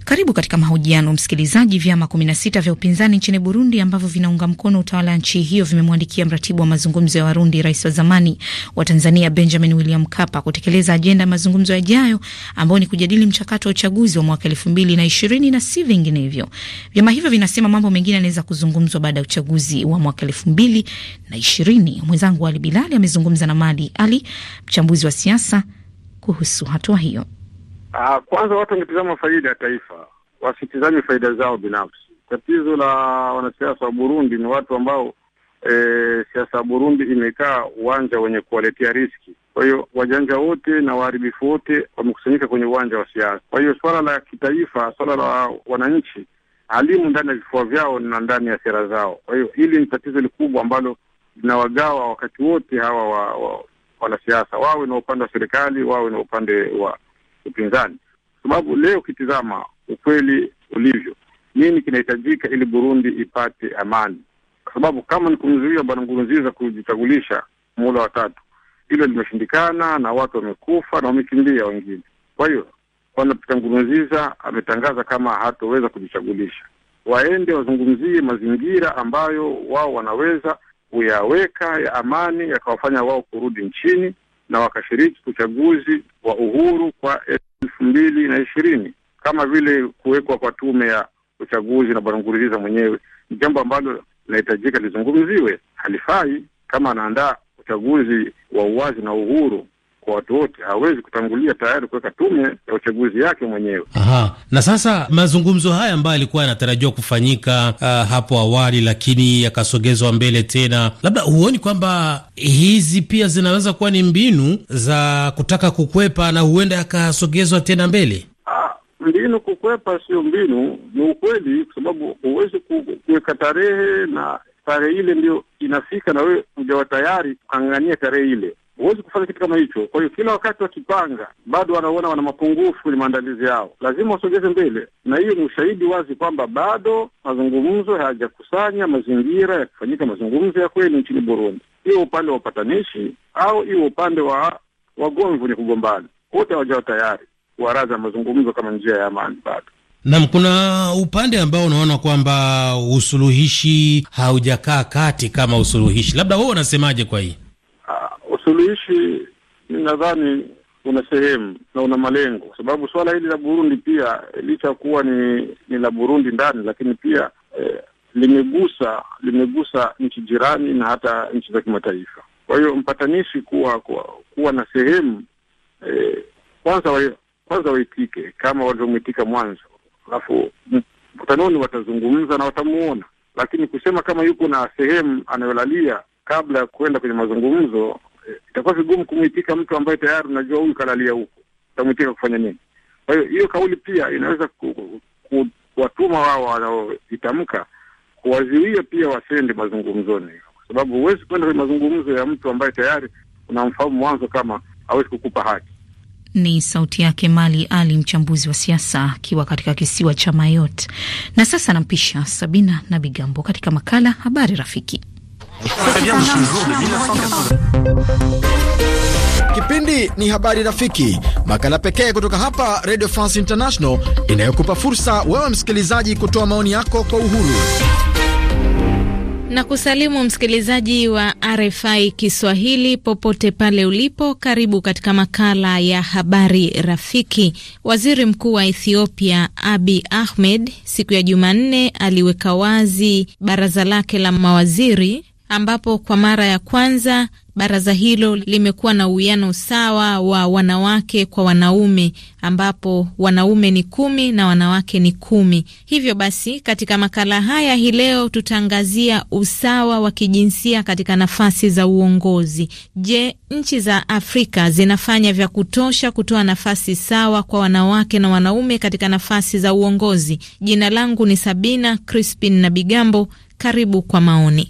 Karibu katika mahojiano msikilizaji. Vyama 16 vya upinzani nchini Burundi ambavyo vinaunga mkono utawala wa nchi hiyo vimemwandikia mratibu wa mazungumzo ya Warundi, rais wa zamani wa Tanzania Benjamin William Mkapa kutekeleza ajenda ya mazungumzo yajayo ambayo ni kujadili mchakato wa uchaguzi wa mwaka elfu mbili na ishirini na si vinginevyo. Vyama hivyo vinasema mambo mengine yanaweza kuzungumzwa baada ya uchaguzi wa mwaka elfu mbili na ishirini. Mwenzangu Ali Bilali amezungumza na Madi Ali, mchambuzi wa siasa, kuhusu hatua hiyo. Uh, kwanza watu wangetizama faida ya taifa, wasitizame faida zao binafsi. Tatizo la wanasiasa wa Burundi ni watu ambao e, siasa ya Burundi imekaa uwanja wenye kuwaletea riski. Kwa hiyo wajanja wote na waharibifu wote wamekusanyika kwenye uwanja wa siasa. Kwa hiyo swala la kitaifa, swala la wananchi alimu ndani ya vifua vyao na ndani ya sera zao. Kwa hiyo hili ni tatizo likubwa ambalo linawagawa wakati wote hawa wa, wa, wanasiasa wawe na upande wa serikali wawe na upande wa upinzani, sababu leo ukitizama ukweli ulivyo, nini kinahitajika ili Burundi ipate amani? Kwa sababu kama ni kumzuia bwana Nkurunziza kujichagulisha muhula wa tatu, hilo limeshindikana na watu wamekufa na wamekimbia wengine. Kwa hiyo bwana Pita Nkurunziza ametangaza kama hatoweza kujichagulisha, waende wazungumzie mazingira ambayo wao wanaweza kuyaweka ya amani yakawafanya wao kurudi nchini na wakashiriki uchaguzi wa uhuru kwa elfu mbili na ishirini kama vile kuwekwa kwa tume ya uchaguzi na Bwana Nkurunziza mwenyewe ni jambo ambalo linahitajika lizungumziwe. Halifai kama anaandaa uchaguzi wa uwazi na uhuru kwa watu wote, hawezi kutangulia tayari kuweka tume ya uchaguzi yake mwenyewe. Aha. Na sasa mazungumzo haya ambayo yalikuwa yanatarajiwa kufanyika uh, hapo awali, lakini yakasogezwa mbele tena, labda huoni kwamba hizi pia zinaweza kuwa ni mbinu za kutaka kukwepa na huenda yakasogezwa tena mbele? Ah, mbinu kukwepa sio mbinu, ni ukweli, kwa sababu huwezi kuweka tarehe na tarehe ile ndio inafika na wewe hujawa tayari kukang'ania tarehe ile huwezi kufanya kitu kama hicho. Kwa hiyo kila wakati wakipanga, bado wanaona wana mapungufu kwenye maandalizi yao, lazima wasogeze mbele, na hiyo ni ushahidi wazi kwamba bado mazungumzo hayajakusanya mazingira ya kufanyika mazungumzo ya kweli nchini Burundi, iwe upande wa upatanishi au iwe upande wa wagomvi wenye kugombana, wote hawajawa tayari kuaraza mazungumzo kama njia ya amani bado. Naam, kuna upande ambao unaona kwamba usuluhishi haujakaa kati kama usuluhishi, labda wewe unasemaje kwa hii? usuluhishi nadhani una sehemu na una malengo, kwa sababu suala hili la Burundi pia licha kuwa ni ni la Burundi ndani, lakini pia eh, limegusa limegusa nchi jirani na hata nchi za kimataifa. Kwa hiyo mpatanishi kuwa kuwa, kuwa na sehemu eh, kwanza wa, kwanza waitike kama walivyomwitika mwanzo, alafu mkutanoni watazungumza na watamuona, lakini kusema kama yuko na sehemu anayolalia kabla ya kuenda kwenye mazungumzo itakuwa vigumu kumwitika mtu ambaye tayari unajua huyu kalalia huko, utamwitika kufanya nini? Kwa hiyo hiyo kauli pia inaweza kuwatuma wao wanaoitamka kuwaziwia pia wasende mazungumzoni, kwa sababu huwezi kwenda kwenye mazungumzo ya mtu ambaye tayari unamfahamu mwanzo kama hawezi kukupa haki. Ni sauti yake Mali Ali, mchambuzi wa siasa akiwa katika kisiwa cha Mayot. Na sasa nampisha Sabina na Bigambo katika makala Habari Rafiki. Kipindi ni Habari Rafiki, makala pekee kutoka hapa Radio France International inayokupa fursa wewe msikilizaji kutoa maoni yako kwa uhuru na kusalimu msikilizaji wa RFI Kiswahili popote pale ulipo. Karibu katika makala ya habari rafiki. Waziri mkuu wa Ethiopia Abi Ahmed siku ya Jumanne aliweka wazi baraza lake la mawaziri ambapo kwa mara ya kwanza baraza hilo limekuwa na uwiano sawa wa wanawake kwa wanaume, ambapo wanaume ni kumi na wanawake ni kumi. Hivyo basi, katika makala haya hii leo tutaangazia usawa wa kijinsia katika nafasi za uongozi. Je, nchi za Afrika zinafanya vya kutosha kutoa nafasi sawa kwa wanawake na wanaume katika nafasi za uongozi? Jina langu ni Sabina Crispin na Bigambo. Karibu kwa maoni.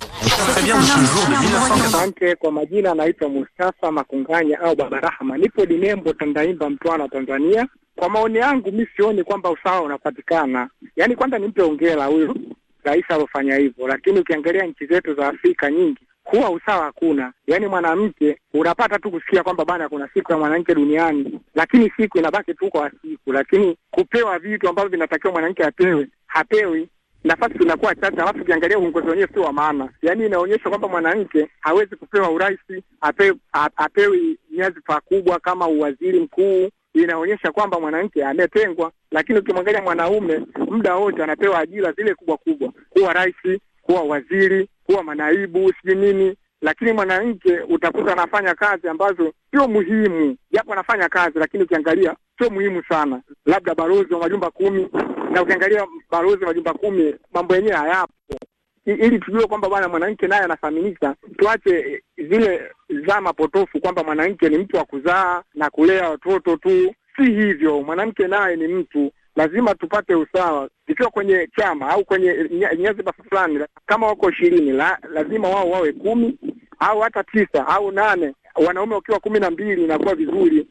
Asante kwa majina, anaitwa Mustafa Makunganya au Baba Rahma, nipo Dinembo Tandaimba, Mtwana, Tanzania. Kwa maoni yangu, mi sioni kwamba usawa unapatikana. Yaani kwanza nimpe ongera huyu rais alofanya hivyo, lakini ukiangalia nchi zetu za Afrika nyingi huwa usawa hakuna. Yaani mwanamke unapata tu kusikia kwamba bana, kuna siku ya mwanamke duniani, lakini siku inabaki tu kwa siku, lakini kupewa vitu ambavyo vinatakiwa mwanamke apewe hapewi nafasi tunakuwa chache, alafu ukiangalia uongozi wenyewe sio wa maana. Yaani inaonyesha kwamba mwanamke hawezi kupewa urais, apewi apewi nyadhifa kubwa kama uwaziri mkuu inaonyesha kwamba mwanamke ametengwa, lakini ukimwangalia mwanaume muda wote anapewa ajira zile kubwa kubwa, kuwa rais, kuwa waziri, kuwa manaibu, sijui nini lakini mwananchi utakuta anafanya kazi ambazo sio muhimu, japo anafanya kazi, lakini ukiangalia sio muhimu sana, labda balozi wa majumba kumi, na ukiangalia balozi wa majumba kumi mambo yenyewe hayapo ili tujue kwamba bwana mwanamke naye anathaminika. Tuache zile zama potofu kwamba mwanamke ni mtu wa kuzaa na kulea watoto tu, si hivyo. Mwanamke naye ni mtu lazima tupate usawa, ikiwa kwenye chama au kwenye nyadhifa fulani. Kama wako ishirini la, lazima wao wawe kumi au hata tisa au nane wanaume wakiwa kumi na mbili inakuwa vizuri.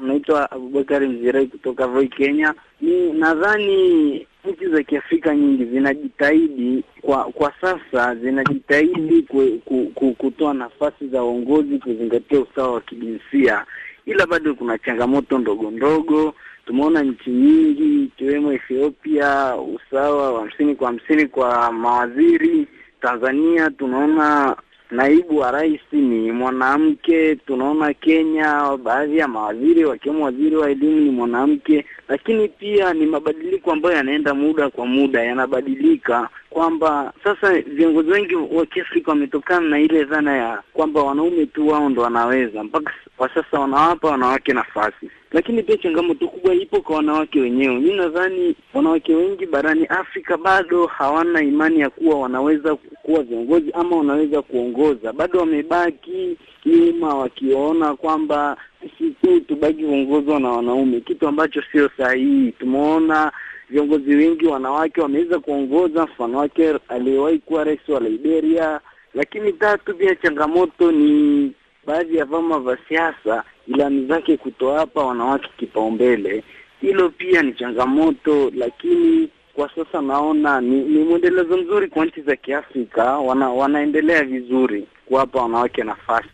Naitwa Abubakari Mzirai kutoka Voi, Kenya. Ni nadhani nchi za Kiafrika nyingi zinajitahidi kwa kwa sasa zinajitahidi ku, ku, ku, kutoa nafasi za uongozi kuzingatia usawa wa kijinsia ila bado kuna changamoto ndogo ndogo. Tumeona nchi nyingi ikiwemo Ethiopia usawa wa hamsini kwa hamsini kwa mawaziri. Tanzania tunaona naibu wa rais ni mwanamke. Tunaona Kenya baadhi ya mawaziri wakiwemo waziri wa elimu ni mwanamke, lakini pia ni mabadiliko ambayo yanaenda muda kwa muda, yanabadilika kwamba sasa viongozi wengi wa Kiafrika wametokana na ile dhana ya kwamba wanaume tu wao ndo wanaweza, mpaka kwa sasa wanawapa wanawake nafasi. Lakini pia changamoto kubwa ipo kwa wanawake wenyewe. Mi nadhani wanawake wengi barani Afrika bado hawana imani ya kuwa wanaweza kuwa viongozi ama wanaweza kuongoza, bado wamebaki nyuma, wakiona kwamba sisi tubaki kuongozwa na wanaume, kitu ambacho sio sahihi. Tumeona viongozi wengi wanawake wameweza kuongoza, mfano wake aliyewahi kuwa rais wa Liberia. Lakini tatu, pia changamoto ni baadhi ya vyama vya siasa ilani zake kutoapa wanawake kipaumbele. Hilo pia ni changamoto, lakini kwa sasa naona ni, ni mwendelezo mzuri kwa nchi za Kiafrika, wana, wanaendelea vizuri kuwapa wanawake nafasi.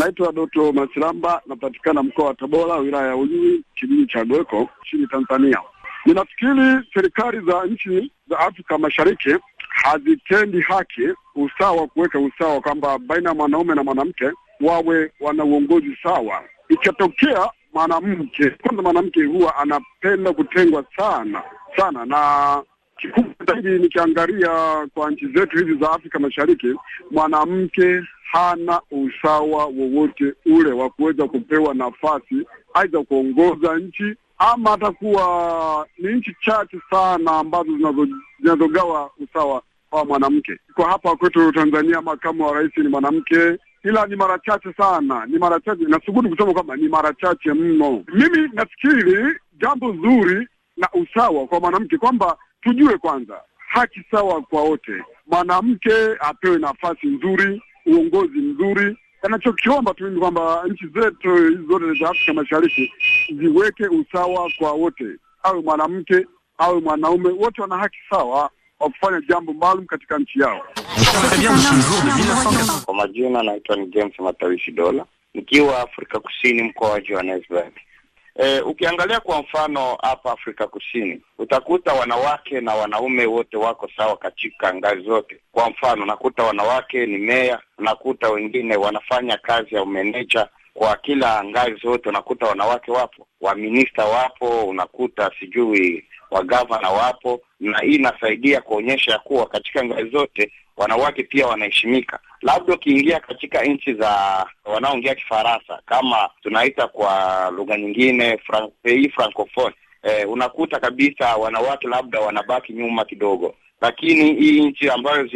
Naitwa Doto masiramba napatikana mkoa wa Tabora, wilaya ya Uyui, kijiji cha Goeko nchini Tanzania. Ninafikiri serikali za nchi za Afrika Mashariki hazitendi haki usawa, kuweka usawa kwamba baina ya mwanaume na mwanamke wawe wana uongozi sawa. Ikatokea mwanamke kwanza, mwanamke huwa anapenda kutengwa sana sana, na kikubwa zaidi nikiangalia kwa nchi zetu hizi za Afrika Mashariki, mwanamke hana usawa wowote ule wa kuweza kupewa nafasi aidha kuongoza nchi ama atakuwa ni nchi chache sana ambazo zinazogawa usawa wa mwanamke. Kwa hapa kwetu Tanzania, makamu wa rais ni mwanamke, ila ni mara chache sana, ni mara chache na kusema kwamba ni mara chache mno. Mimi nafikiri jambo zuri na usawa kwa mwanamke kwamba tujue kwanza haki sawa kwa wote, mwanamke apewe nafasi nzuri, uongozi mzuri. Anachokiomba tu mimi kwamba nchi zetu hizi zote za Afrika Mashariki ziweke usawa kwa wote, awe mwanamke awe mwanaume, wote wana haki sawa wa kufanya jambo maalum katika nchi yao. Kwa majina naitwa ni James Matawishi Dola, nikiwa Afrika Kusini, mkoa wa Johannesburg. E, ukiangalia kwa mfano hapa Afrika Kusini utakuta wanawake na wanaume wote wako sawa katika ngazi zote. Kwa mfano nakuta wanawake ni meya, nakuta wengine wanafanya kazi ya umeneja kwa kila ngazi zote, unakuta wanawake wapo, waminista wapo, unakuta sijui wagavana wapo, na hii inasaidia kuonyesha kuwa katika ngazi zote wanawake pia wanaheshimika. Labda ukiingia katika nchi za wanaoongea Kifaransa kama tunaita kwa lugha nyingine Fran, eh, francophone eh, unakuta kabisa wanawake labda wanabaki nyuma kidogo lakini hii nchi ambayo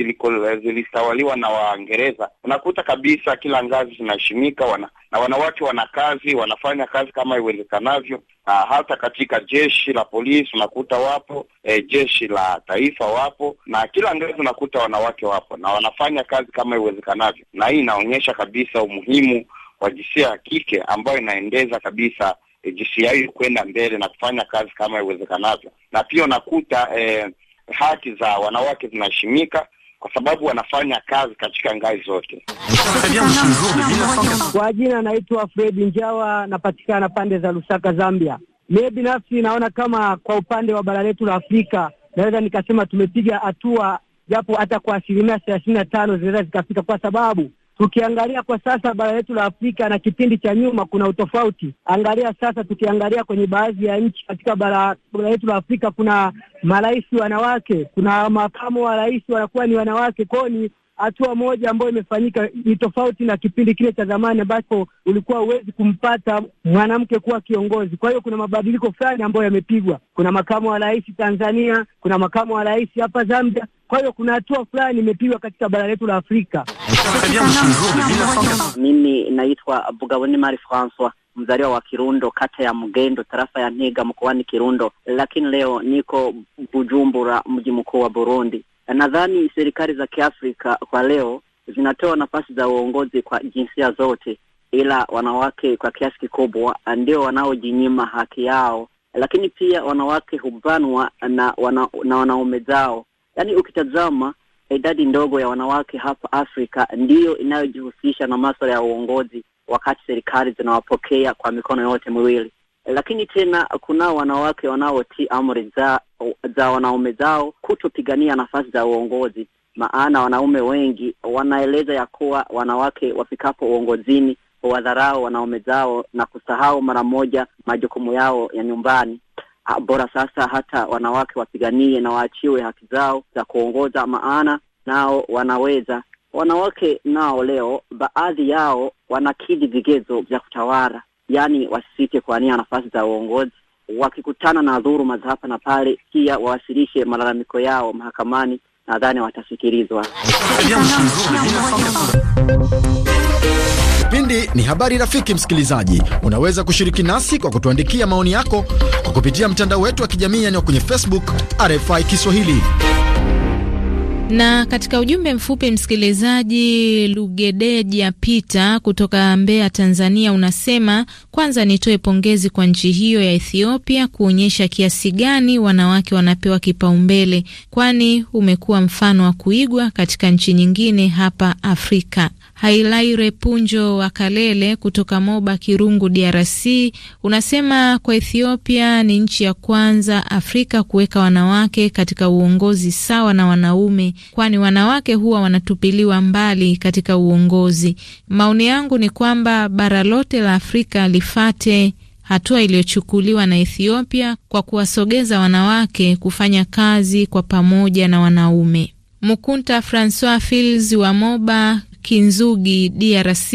zilitawaliwa na Waingereza unakuta kabisa kila ngazi zinaheshimika, wana, na wanawake wana kazi, wanafanya kazi kama iwezekanavyo. Ah, hata katika jeshi la polisi unakuta wapo eh, jeshi la taifa wapo, na kila ngazi unakuta wanawake wapo na wanafanya kazi kama iwezekanavyo, na hii inaonyesha kabisa umuhimu wa jinsia ya kike ambayo inaendeza kabisa eh, jinsia hiyo kwenda mbele na kufanya kazi kama iwezekanavyo, na pia unakuta eh, haki za wanawake zinaheshimika kwa sababu wanafanya kazi katika ngazi zote. Kwa jina naitwa Fredi Njawa, napatikana pande za Lusaka, Zambia. Mie binafsi naona kama kwa upande wa bara letu la Afrika naweza nikasema tumepiga hatua, japo hata kwa asilimia thelathini na tano zinaweza zikafika, kwa sababu Tukiangalia kwa sasa bara letu la Afrika na kipindi cha nyuma, kuna utofauti. Angalia sasa, tukiangalia kwenye baadhi ya nchi katika bara letu la Afrika, kuna marais wanawake, kuna makamu wa rais wanakuwa ni wanawake. Kwao ni hatua moja ambayo imefanyika ni tofauti na kipindi kile cha zamani ambapo ulikuwa huwezi kumpata mwanamke kuwa kiongozi. Kwa hiyo kuna mabadiliko fulani ambayo yamepigwa. Kuna makamu wa rais Tanzania, kuna makamu wa rais hapa Zambia. Kwa hiyo kuna hatua fulani imepigwa katika bara letu la Afrika. Mimi naitwa Mari Francois, mzaliwa wa Kirundo, kata ya Mgendo, tarafa ya Ntega, mkoani Kirundo, lakini leo niko Bujumbura, mji mkuu wa Burundi. Eh, nadhani serikali za Kiafrika kwa leo zinatoa nafasi za uongozi kwa jinsia zote, ila wanawake kwa kiasi kikubwa eh, ndio wanaojinyima haki yao, lakini pia wanawake hubanwa na, wana, na wanaume zao. Yaani ukitazama eh, idadi ndogo ya wanawake hapa Afrika ndiyo inayojihusisha na maswala ya uongozi, wakati serikali zinawapokea kwa mikono yote miwili lakini tena kunao wanawake wanaotii amri za, za wanaume zao kutopigania nafasi za uongozi. Maana wanaume wengi wanaeleza ya kuwa wanawake wafikapo uongozini wadharau wanaume zao na kusahau mara moja majukumu yao ya nyumbani. Bora sasa hata wanawake wapiganie na waachiwe haki zao za kuongoza, maana nao wanaweza. Wanawake nao leo baadhi yao wanakidhi vigezo vya kutawala yani wasisite kuania nafasi za uongozi. Wakikutana na dhuruma za hapa na pale, pia wawasilishe malalamiko yao mahakamani, nadhani watasikilizwa. Kipindi ni habari. Rafiki msikilizaji, unaweza kushiriki nasi kwa kutuandikia maoni yako kwa kupitia mtandao wetu wa kijamii, yani kwenye Facebook RFI Kiswahili. Na katika ujumbe mfupi msikilizaji Lugedeja Pita kutoka Mbeya, Tanzania, unasema kwanza nitoe pongezi kwa nchi hiyo ya Ethiopia kuonyesha kiasi gani wanawake wanapewa kipaumbele, kwani umekuwa mfano wa kuigwa katika nchi nyingine hapa Afrika. Hailaire Punjo wa Kalele kutoka Moba Kirungu, DRC, unasema kwa Ethiopia ni nchi ya kwanza Afrika kuweka wanawake katika uongozi sawa na wanaume, kwani wanawake huwa wanatupiliwa mbali katika uongozi. Maoni yangu ni kwamba bara lote la Afrika li ifate hatua iliyochukuliwa na Ethiopia kwa kuwasogeza wanawake kufanya kazi kwa pamoja na wanaume. Mukunta Francois Fils wa Moba Kinzugi, DRC,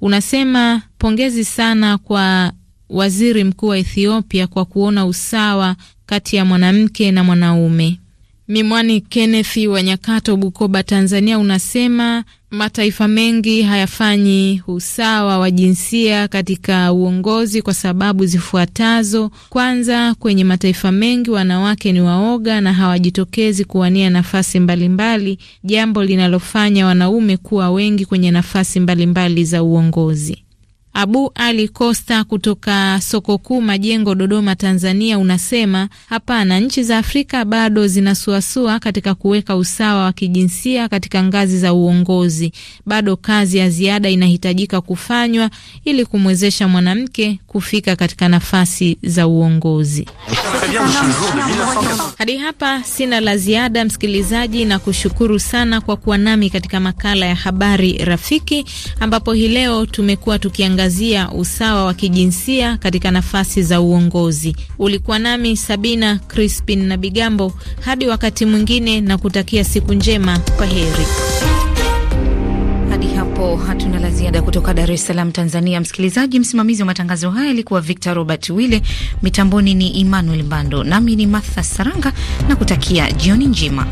unasema pongezi sana kwa waziri mkuu wa Ethiopia kwa kuona usawa kati ya mwanamke na mwanaume. Mimwani Kenneth wa Nyakato, Bukoba, Tanzania, unasema mataifa mengi hayafanyi usawa wa jinsia katika uongozi kwa sababu zifuatazo. Kwanza, kwenye mataifa mengi wanawake ni waoga na hawajitokezi kuwania nafasi mbalimbali, jambo linalofanya wanaume kuwa wengi kwenye nafasi mbalimbali za uongozi. Abu Ali Costa kutoka soko kuu Majengo, Dodoma, Tanzania, unasema hapana, nchi za Afrika bado zinasuasua katika kuweka usawa wa kijinsia katika ngazi za uongozi. Bado kazi ya ziada inahitajika kufanywa ili kumwezesha mwanamke kufika katika nafasi za uongozi. Hadi hapa sina la ziada, msikilizaji, na kushukuru sana kwa kuwa nami katika makala ya habari rafiki, ambapo hii leo tumekuwa tukiangazia kuangazia usawa wa kijinsia katika nafasi za uongozi. Ulikuwa nami Sabina Crispin na Bigambo, hadi wakati mwingine, na kutakia siku njema. Kwa heri. Hadi hapo hatuna la ziada kutoka Dar es Salaam, Tanzania. Msikilizaji, msimamizi wa matangazo haya alikuwa Victor Robert Wille, mitamboni ni Emmanuel Mbando, nami ni Martha Saranga na kutakia jioni njema.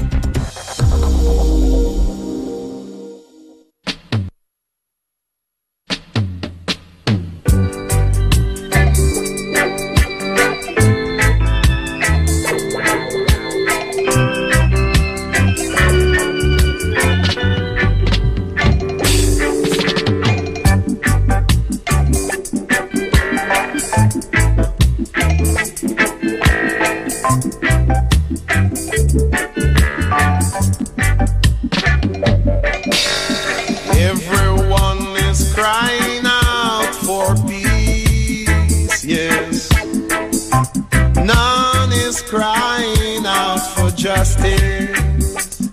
justice.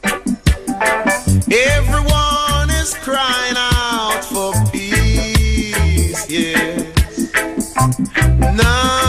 Everyone is crying out for peace, yes. None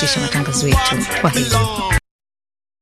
kutamatisha matangazo yetu. Kwa heri.